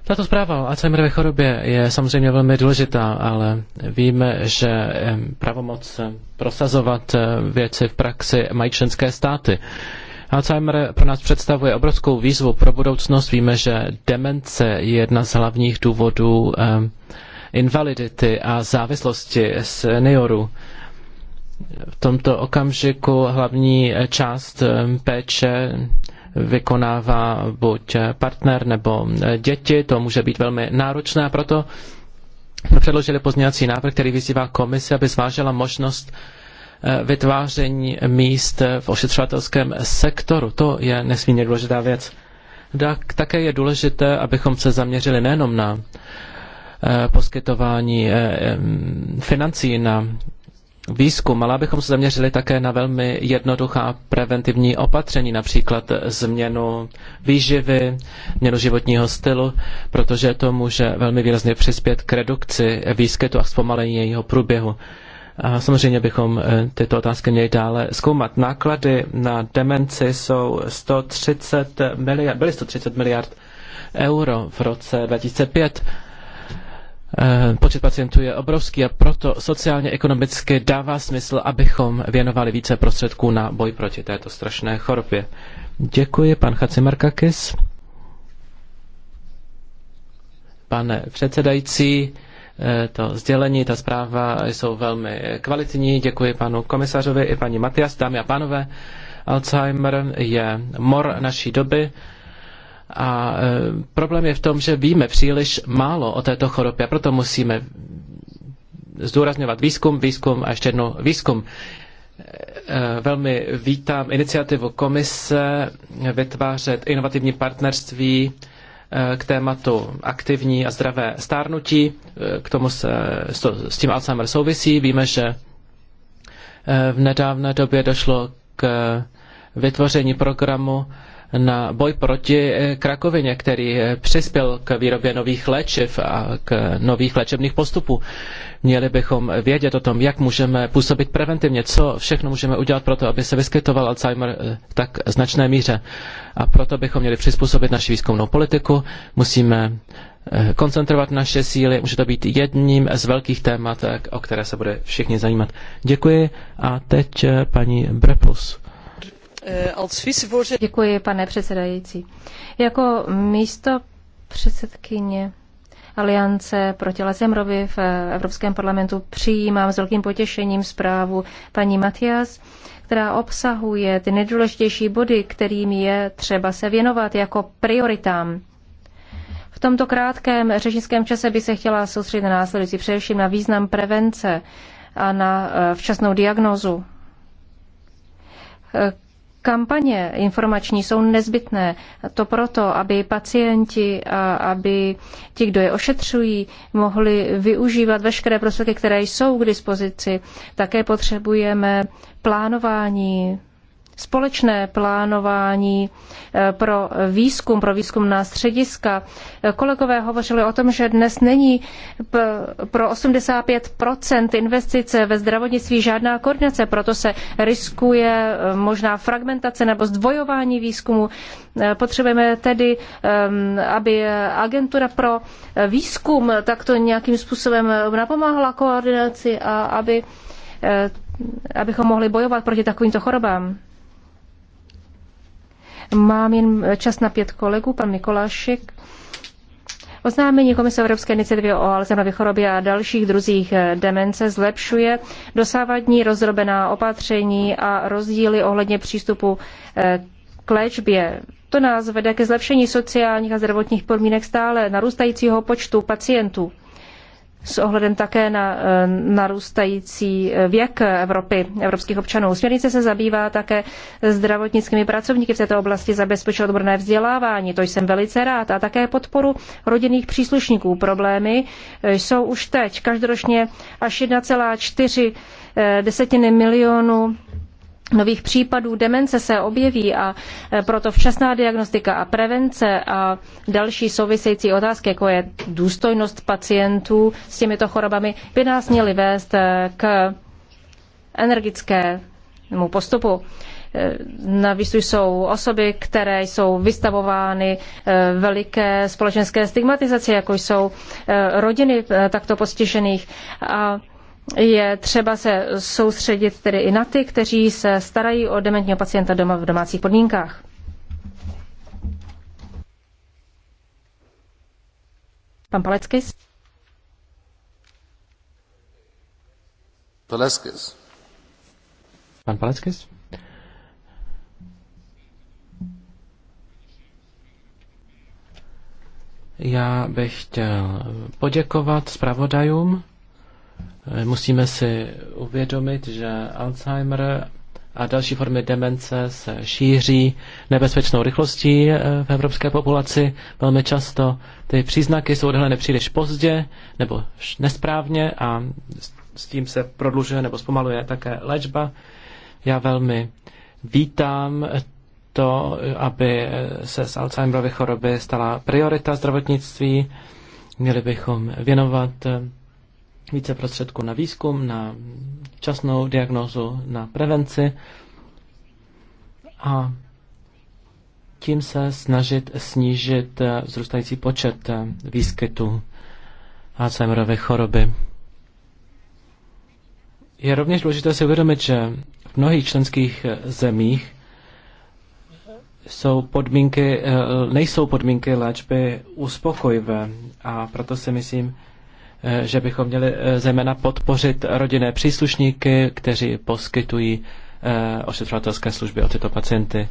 Tato zpráva o Alzheimerově chorobě je samozřejmě velmi důležitá, ale víme, že pravomoc eh, prosazovat eh, věci v praxi mají členské státy. Alzheimer pro nás představuje obrovskou výzvu pro budoucnost. Víme, že demence je jedna z hlavních důvodů invalidity a závislosti seniorů v tomto okamžiku hlavní část eh, péče vykonává buď partner nebo eh, děti. To může být velmi náročné a proto předložili pozměňovací návrh, který vyzývá komise, aby zvážila možnost eh, vytváření míst v ošetřovatelském sektoru. To je nesmírně důležitá věc. také je důležité, abychom se zaměřili nejenom na poskytování financí na výzkum, ale abychom se zaměřili také na velmi jednoduchá preventivní opatření, například změnu výživy, změnu životního stylu, protože to může velmi výrazně přispět k redukci výskytu a zpomalení jejího průběhu. A samozřejmě bychom eh, tyto otázky měli dále zkoumat. Náklady na demenci jsou 130 miliard, byly 130 miliard euro v roce 2005 Eh, počet pacientů je obrovský a proto sociálně ekonomicky dává smysl, abychom věnovali více prostředků na boj proti této strašné chorobě. Děkuji, pan Chacimarkakis. Pane předsedající, eh, to sdělení, ta zpráva jsou velmi kvalitní. Děkuji panu komisařovi i paní Matias, dámy a pánové. Alzheimer je mor naší doby. A e, problém je v tom, že víme příliš málo o této chorobě a proto musíme zdůrazňovat výzkum, výzkum a ještě jednou výzkum. E, velmi vítám iniciativu komise vytvářet inovativní partnerství e, k tématu aktivní a zdravé stárnutí. K tomu se, s tím Alzheimer souvisí. Víme, že v nedávné době došlo k vytvoření programu na boj proti eh, krakovině, který eh, přispěl k výrobě nových léčiv a k nových léčebných postupů. Měli bychom vědět o tom, jak můžeme působit preventivně, co všechno můžeme udělat pro to, aby se vyskytoval Alzheimer eh, v tak značné míře. A proto bychom měli přizpůsobit naši výzkumnou politiku. Musíme koncentrovat naše síly. Může to být jedním z velkých témat, o které se bude všichni zajímat. Děkuji a teď paní Brepus. Eh, Děkuji, pane předsedající. Jako místo předsedkyně Aliance proti Lazemrovi v eh, Evropském parlamentu přijímám s velkým potěšením zprávu paní Matias, která obsahuje ty nejdůležitější body, kterým je třeba se věnovat jako prioritám. V tomto krátkém řečnickém čase by se chtěla soustředit na následující především na význam prevence a na eh, včasnou diagnózu Kampaně informační jsou nezbytné. To proto, aby pacienti a aby ti, kdo je ošetřují, mohli využívat veškeré prostředky, které jsou k dispozici. Také potřebujeme plánování společné plánování eh, pro výzkum, pro výzkum na střediska. Kolegové hovořili o tom, že dnes není pro 85 investice ve zdravotnictví žádná koordinace, proto se riskuje eh, možná fragmentace nebo zdvojování výzkumu. Eh, potřebujeme tedy, ehm, aby agentura pro výzkum takto nějakým způsobem napomáhala koordinaci a aby abychom mohli bojovat proti takovýmto chorobám. Mám jen čas na pět kolegů, pan Mikolášek. Oznámení Komise Evropské iniciativy o Alzheimerově chorobě a dalších druzích demence zlepšuje dosávadní rozrobená opatření a rozdíly ohledně přístupu eh, k léčbě. To nás vede ke zlepšení sociálních a zdravotních podmínek stále narůstajícího počtu pacientů s ohledem také na eh, narůstající eh, věk Evropy, evropských občanů. Směrnice se zabývá také zdravotnickými pracovníky v této oblasti, zabezpečuje odborné vzdělávání, to jsem velice rád, a také podporu rodinných příslušníků. Problémy eh, jsou už teď každoročně až 1,4 desetiny milionů nových případů demence se objeví a e, proto včasná diagnostika a prevence a další související otázky, jako je důstojnost pacientů s těmito chorobami, by nás měly vést e, k energickému postupu. E, navíc jsou osoby, které jsou vystavovány veliké společenské stigmatizaci, jako jsou rodiny takto postižených. A je třeba se soustředit tedy i na ty, kteří se starají o dementního pacienta doma v domácích podmínkách. Pan Paleckis. Paleckis. Pan Paleckis. Já bych chtěl poděkovat zpravodajům Eh, musíme si uvědomit, že Alzheimer a další formy demence se šíří nebezpečnou rychlostí eh, v evropské populaci. Velmi často ty příznaky jsou odhaleny příliš pozdě nebo nesprávně a s tím se prodlužuje nebo zpomaluje také léčba. Já velmi vítám to, aby se z Alzheimerovy choroby stala priorita zdravotnictví. Měli bychom věnovat eh, více prostředků na výzkum, na časnou diagnózu, na prevenci a tím se snažit snížit eh, vzrůstající počet eh, výskytu Alzheimerovy choroby. Je rovněž důležité si uvědomit, že v mnohých členských eh, zemích jsou podmínky, nejsou podmínky léčby uspokojivé a proto si myslím, Eh, že bychom měli eh, zejména podpořit rodinné příslušníky, kteří poskytují eh, ošetřovatelské služby o tyto pacienty.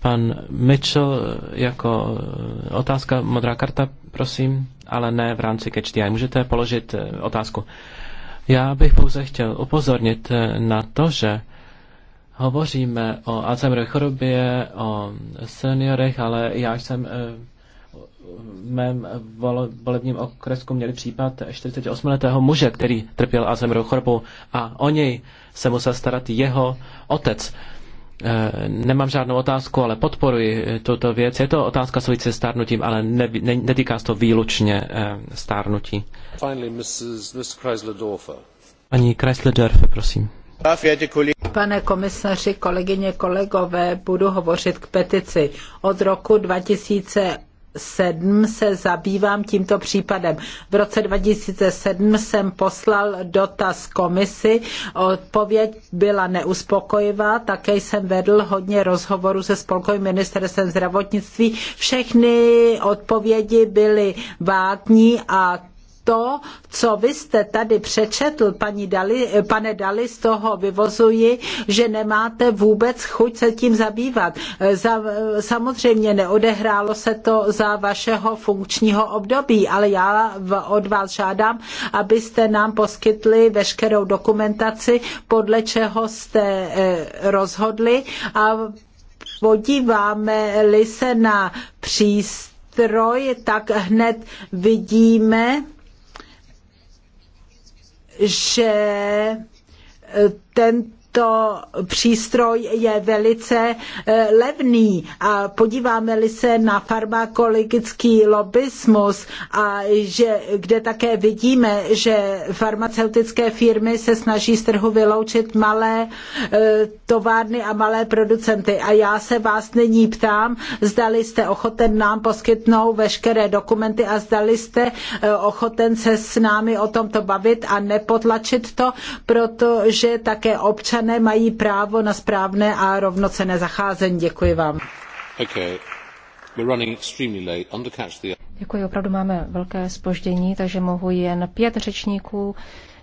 Pan Mitchell jako otázka, modrá karta, prosím, ale ne v rámci catch Můžete položit otázku. Já bych pouze chtěl upozornit na to, že hovoříme o Alzheimerově chorobě, o seniorech, ale já jsem mém volebním okresku měli případ 48-letého muže, který trpěl zemřel chorobou a o něj se musel starat jeho otec. Eh, nemám žádnou otázku, ale podporuji eh, tuto věc. Je to otázka souvisí se stárnutím, ale ne, ne, netýká se to výlučně eh, stárnutí. Finally, Mrs. Mrs. Paní kreisler prosím. Pane komisaři, kolegyně, kolegové, budu hovořit k petici. Od roku 2000 2007 se zabývám tímto případem. V roce 2007 jsem poslal dotaz komisi, odpověď byla neuspokojivá, také jsem vedl hodně rozhovorů se spolkovým ministerstvem zdravotnictví. Všechny odpovědi byly vágní a to, co vy jste tady přečetl, paní Dali, pane Dali, z toho vyvozuji, že nemáte vůbec chuť se tím zabývat. Za, samozřejmě neodehrálo se to za vašeho funkčního období, ale já v, od vás žádám, abyste nám poskytli veškerou dokumentaci, podle čeho jste e, rozhodli a podíváme-li se na přístroj, tak hned vidíme, že eh, ten tento přístroj je velice eh, levný a podíváme-li se na farmakologický lobismus a že, kde také vidíme, že farmaceutické firmy se snaží z trhu vyloučit malé eh, továrny a malé producenty. A já se vás nyní ptám, zdali jste ochoten nám poskytnout veškeré dokumenty a zdali jste eh, ochoten se s námi o tomto bavit a nepotlačit to, protože také občan občané mají právo na správné a rovnocenné zacházení. Děkuji vám. Okay. Děkuji, opravdu máme velké spoždění, takže mohu jen pět řečníků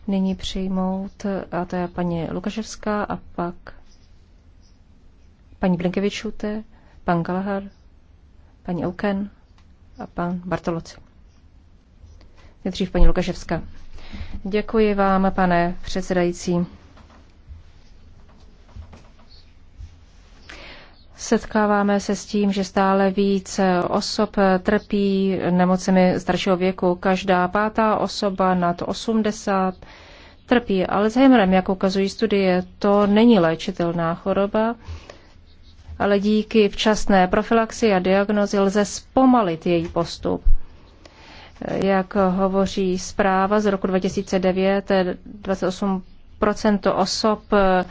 nyní přijmout, a to je paní Lukaševská a pak paní Blinkevičute, pan Galahar, paní Auken a pan Bartoloci. Nejdřív paní Lukaševská. Děkuji vám, pane předsedající. Setkáváme se s tím, že stále víc osob trpí nemocemi staršího věku. Každá pátá osoba nad 80 trpí Alzheimerem, jak ukazují studie. To není léčitelná choroba, ale díky včasné profilaxi a diagnozi lze zpomalit její postup. Jak hovoří zpráva z roku 2009, 28 osob eh,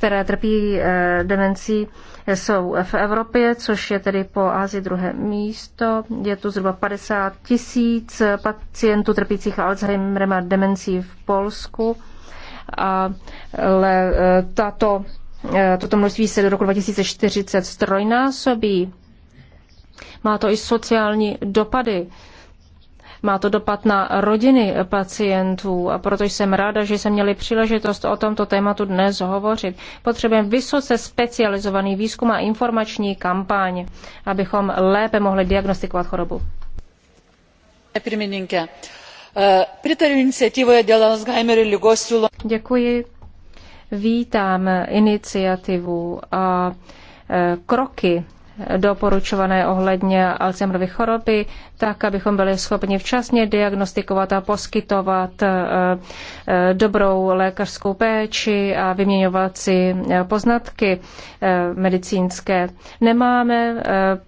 které trpí eh, demencí, jsou v Evropě, což je tedy po Asii druhé místo. Je tu zhruba 50 tisíc pacientů trpících Alzheimerem a demencí v Polsku. Ale eh, tato, eh, toto množství se do roku 2040 strojnásobí. Má to i sociální dopady. Má to dopad na rodiny pacientů a proto jsem ráda, že jsme měli příležitost o tomto tématu dnes hovořit. Potřebujeme vysoce specializovaný výzkum a informační kampaň, abychom lépe mohli diagnostikovat chorobu. E, Děkuji. Vítám iniciativu a e, kroky doporučované ohledně Alzheimerovy choroby, tak abychom byli schopni včasně diagnostikovat a poskytovat eh, eh, dobrou lékařskou péči a vyměňovat si eh, poznatky medicínské. Nemáme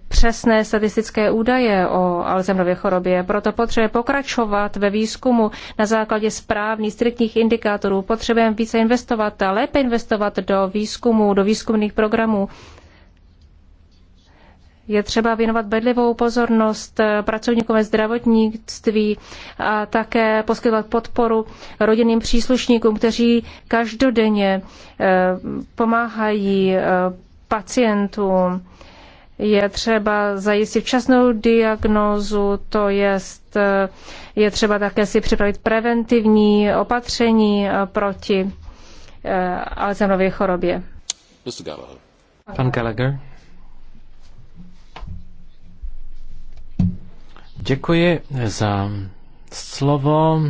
přesné statistické údaje o Alzheimerově chorobě, proto potřebujeme pokračovat ve výzkumu na základě správných, striktních indikátorů. Potřebujeme více investovat a lépe investovat do výzkumu, do výzkumných programů je třeba věnovat bedlivou pozornost eh, pracovníkům ve zdravotnictví a také poskytovat podporu rodinným příslušníkům, kteří každodenně eh, pomáhají eh, pacientům. Je třeba zajistit včasnou diagnózu, to jest je třeba také si připravit preventivní opatření proti Alzheimerově chorobě. Pan Gallagher. Děkuji za slovo.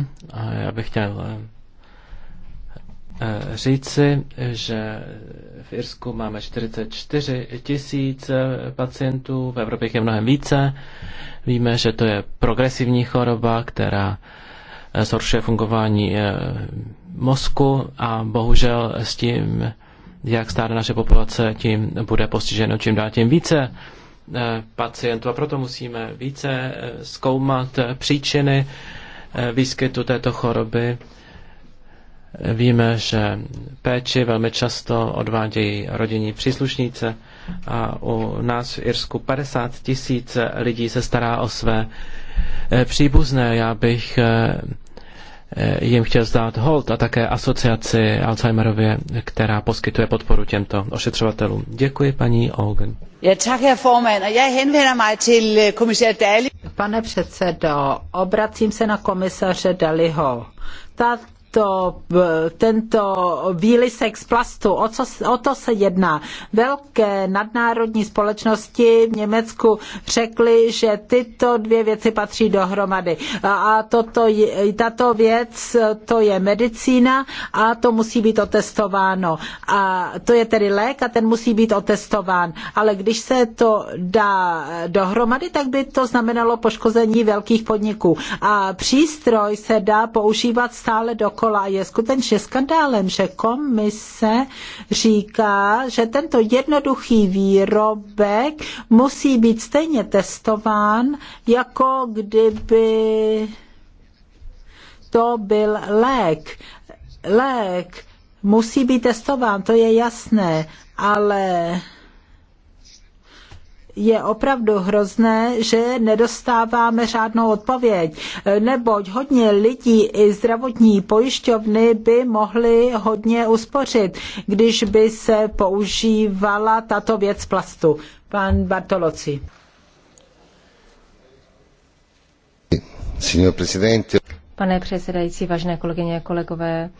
Já bych chtěl eh, říci, že v Irsku máme 44 tisíc eh, pacientů, v Evropě je mnohem více. Víme, že to je progresivní choroba, která eh, zhoršuje fungování mozku a bohužel s tím, jak stárne naše populace, tím bude postiženo čím dál tím více Eh, pacientů. A proto musíme více eh, zkoumat eh, příčiny výskytu této choroby. Víme, že péči velmi často odvádějí rodinní příslušníce a u nás v Irsku 50 tisíc lidí se stará o své příbuzné. Já bych Eh, jim chtěl zdát hold a také asociaci Alzheimerově, která poskytuje podporu těmto ošetřovatelům. Děkuji paní Ogen. Eh, Pane předsedo, obracím se na komisaře Daliho. Tak tento, eh, tento výlisek z plastu, o, co, o to se jedná. Velké nadnárodní společnosti v Německu řekly, že tyto dvě věci patří dohromady. A, a toto, tato věc, to je medicína a to musí být otestováno. A to je tedy lék a ten musí být otestován. Ale když se to dá dohromady, tak by to znamenalo poškození velkých podniků. A přístroj se dá používat stále do kola Je skutečně skandálem, že komise říká, že tento jednoduchý výrobek musí být stejně testován, jako kdyby to byl lék. Lék musí být testován, to je jasné, ale je opravdu hrozné, že nedostáváme žádnou odpověď, neboť hodně lidí i zdravotní pojišťovny by mohly hodně uspořit, když by se používala tato věc plastu. Pan Bartoloci. Pane předsedající, vážené kolegyně a kolegové,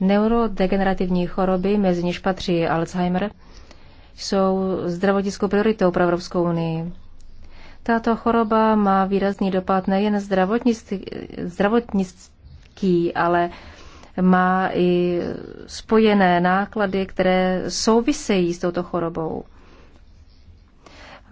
neurodegenerativní choroby, mezi něž patří Alzheimer, jsou zdravotnickou prioritou pro Evropskou unii. Tato choroba má výrazný dopad nejen zdravotnický, ale má i spojené náklady, které souvisejí s touto chorobou.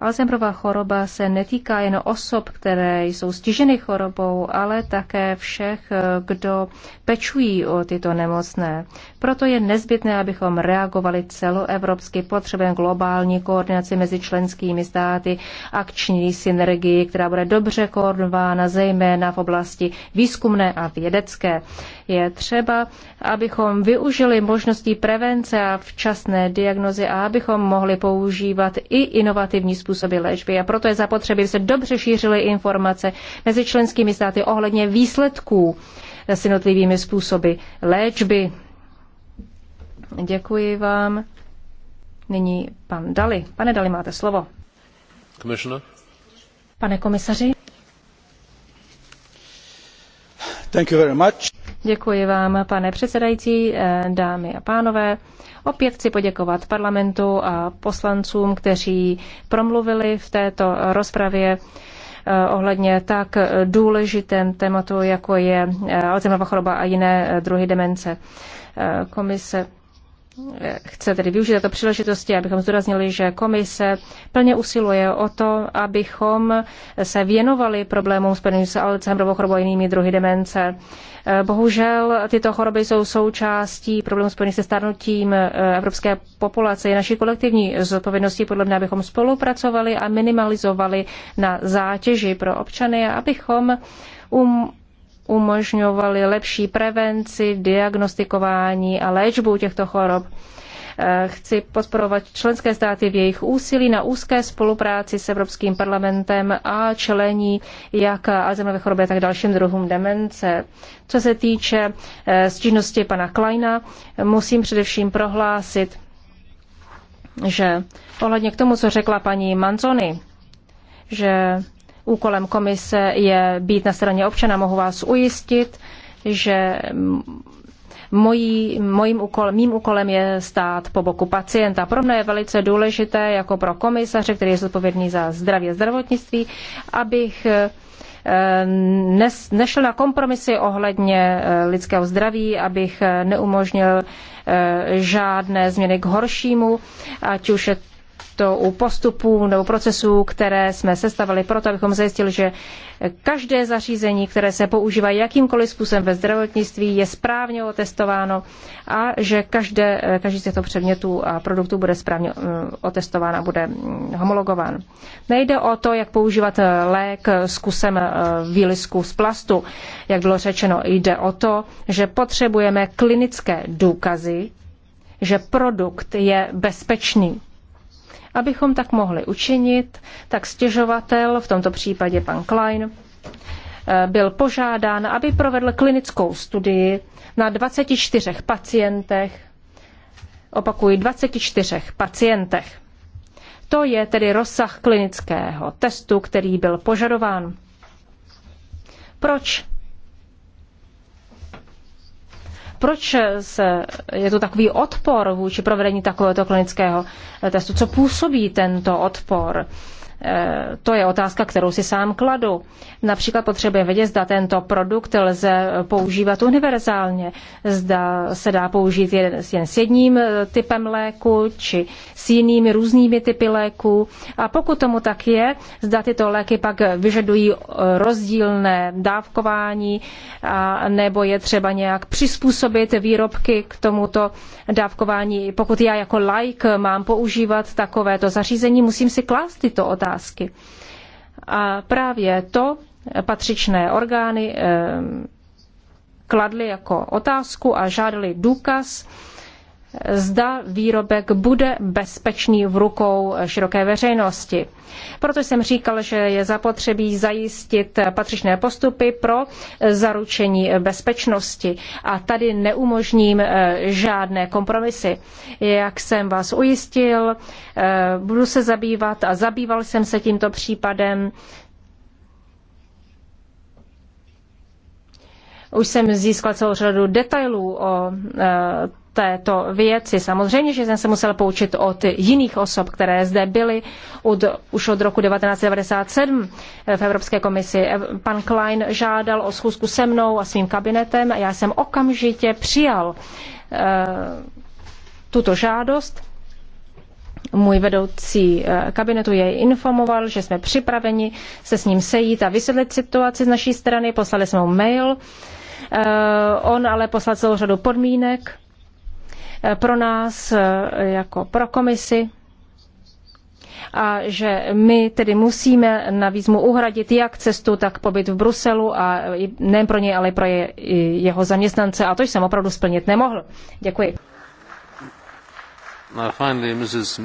Alzheimerova choroba se netýká jen osob, které jsou stiženy chorobou, ale také všech, eh, kdo pečují o tyto nemocné. Proto je nezbytné, abychom reagovali celoevropsky potřebujeme globální koordinaci mezi členskými státy, akční synergii, která bude dobře koordinována zejména v oblasti výzkumné a vědecké. Je třeba, abychom využili možnosti prevence a včasné diagnozy a abychom mohli používat i inovativní způsoby léčby. A proto je zapotřebí, aby se dobře šířily informace mezi členskými státy ohledně výsledků s jednotlivými způsoby léčby. Děkuji vám. Nyní pan Dali. Pane Dali, máte slovo. Commissioner. Pane komisaři. Thank you very much. Děkuji vám, pane předsedající, eh, dámy a pánové. Opět chci poděkovat parlamentu a poslancům, kteří promluvili v této rozpravě eh, ohledně tak důležitém tématu, jako je eh, Alzheimerova choroba a jiné druhy demence. Komise chce tedy využít této příležitosti, abychom zdůraznili, že komise plně usiluje o to, abychom se věnovali problémům spojeným s Alzheimerovou chorobou a jinými druhy demence. Bohužel tyto choroby jsou součástí problémů spojených se starnutím eh, evropské populace. Je naší kolektivní zodpovědností podle mě, abychom spolupracovali a minimalizovali na zátěži pro občany abychom um, umožňovaly lepší prevenci, diagnostikování a léčbu těchto chorob. Eh, chci podporovat členské státy v jejich úsilí na úzké spolupráci s Evropským parlamentem a čelení jak Alzheimerové choroby, tak dalším druhům demence. Co se týče eh, stížnosti pana Kleina, musím především prohlásit, že ohledně k tomu, co řekla paní Manzoni, že Úkolem komise je být na straně občana. Mohu vás ujistit, že Mojí, mojím úkol, mým úkolem je stát po boku pacienta. Pro mě je velice důležité, jako pro komisaře, který je zodpovědný za zdraví a zdravotnictví, abych eh, nešel na kompromisy ohledně eh, lidského zdraví, abych eh, neumožnil žádné změny k horšímu, ať už je to u postupů nebo procesů, které jsme sestavili proto, abychom zajistili, že každé zařízení, které se používá jakýmkoliv způsobem ve zdravotnictví, je správně otestováno a že každé, každý z těchto předmětů a produktů bude správně eh, otestován a bude mm, homologován. Nejde o to, jak používat eh, lék s kusem eh, výlisku z plastu. Jak bylo řečeno, jde o to, že potřebujeme klinické důkazy, že produkt je bezpečný. Abychom tak mohli učinit, tak stěžovatel, v tomto případě pan Klein, eh, byl požádán, aby provedl klinickou studii na 24 pacientech, opakuji 24 pacientech. To je tedy rozsah klinického testu, který byl požadován. Proč Proč se, je tu takový odpor vůči provedení takového klinického testu? Co působí tento odpor? Uh, to je otázka, kterou si sám kladu. Například potřebuje vědět, zda tento produkt lze používat univerzálně, zda se dá použít jen, jen s jedním eh, typem léku či s jinými různými typy léků. A pokud tomu tak je, zda tyto léky pak vyžadují eh, rozdílné dávkování a nebo je třeba nějak přizpůsobit výrobky k tomuto dávkování. Pokud já jako like mám používat takovéto zařízení, musím si klást tyto otázky otázky. A právě to patřičné orgány eh, kladly jako otázku a žádali důkaz, zda výrobek bude bezpečný v rukou široké veřejnosti. Proto jsem říkal, že je zapotřebí zajistit patřičné postupy pro zaručení bezpečnosti. A tady neumožním eh, žádné kompromisy. Jak jsem vás ujistil, eh, budu se zabývat a zabýval jsem se tímto případem. Už jsem získal celou řadu detailů o eh, této věci. Samozřejmě, že jsem se musel poučit od jiných osob, které zde byly od, už od roku 1997 v Evropské komisi. Pan Klein žádal o schůzku se mnou a svým kabinetem a já jsem okamžitě přijal uh, tuto žádost. Můj vedoucí eh, kabinetu jej informoval, že jsme připraveni se s ním sejít a vysvětlit situaci z naší strany. Poslali jsme mu mail. Uh, on ale poslal celou řadu podmínek pro nás eh, jako pro komisi a že my tedy musíme na mu uhradit jak cestu, tak pobyt v Bruselu a nejen pro něj, ale i pro je, jeho zaměstnance a to jsem opravdu splnit nemohl. Děkuji. finally, Mrs.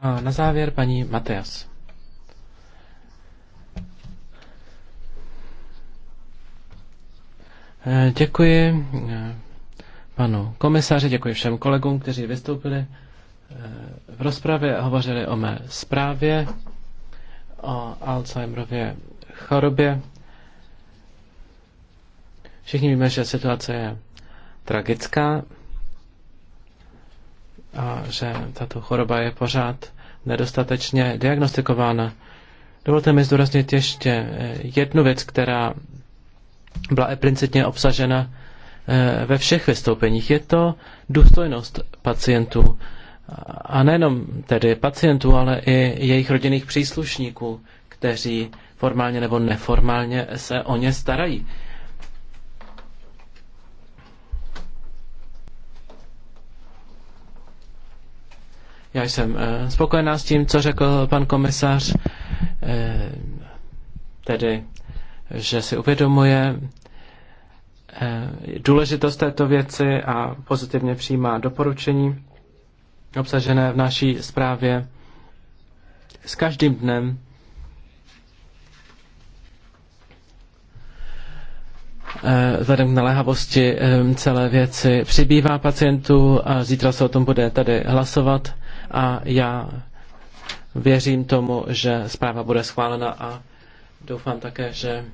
A na závěr paní Matias. Eh, děkuji. Eh, panu komisaři, děkuji všem kolegům, kteří vystoupili eh, v rozpravě a hovořili o mé zprávě o Alzheimerově chorobě. Všichni víme, že situace je tragická a že tato choroba je pořád nedostatečně diagnostikována. Dovolte mi zdůraznit ještě eh, jednu věc, která byla implicitně obsažena Eh, ve všech vystoupeních. Je to důstojnost pacientů. A nejenom tedy pacientů, ale i jejich rodinných příslušníků, kteří formálně nebo neformálně se o ně starají. Já jsem eh, spokojená s tím, co řekl pan komisař, eh, tedy, že si uvědomuje Eh, důležitost této věci a pozitivně přijímá doporučení obsažené v naší zprávě. S každým dnem eh, vzhledem k naléhavosti eh, celé věci přibývá pacientů a zítra se o tom bude tady hlasovat a já věřím tomu, že zpráva bude schválena a doufám také, že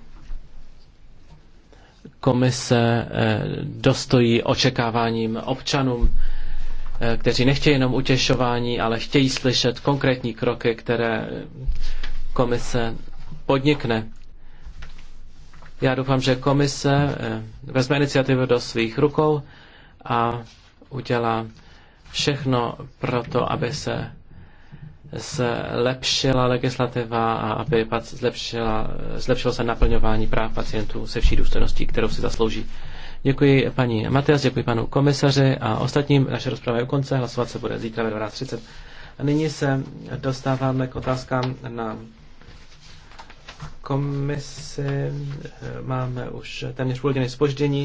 komise eh, dostojí očekáváním občanům, eh, kteří nechtějí jenom utěšování, ale chtějí slyšet konkrétní kroky, které komise podnikne. Já doufám, že komise eh, vezme iniciativu do svých rukou a udělá všechno pro to, aby se zlepšila legislativa a aby zlepšila, zlepšilo se naplňování práv pacientů se vší důstojností, kterou si zaslouží. Děkuji paní Matias, děkuji panu komisaři a ostatním. Naše rozprava je u konce, hlasovat se bude zítra ve 12.30. nyní se dostáváme k otázkám na komisi. Máme už téměř půl hodiny spoždění.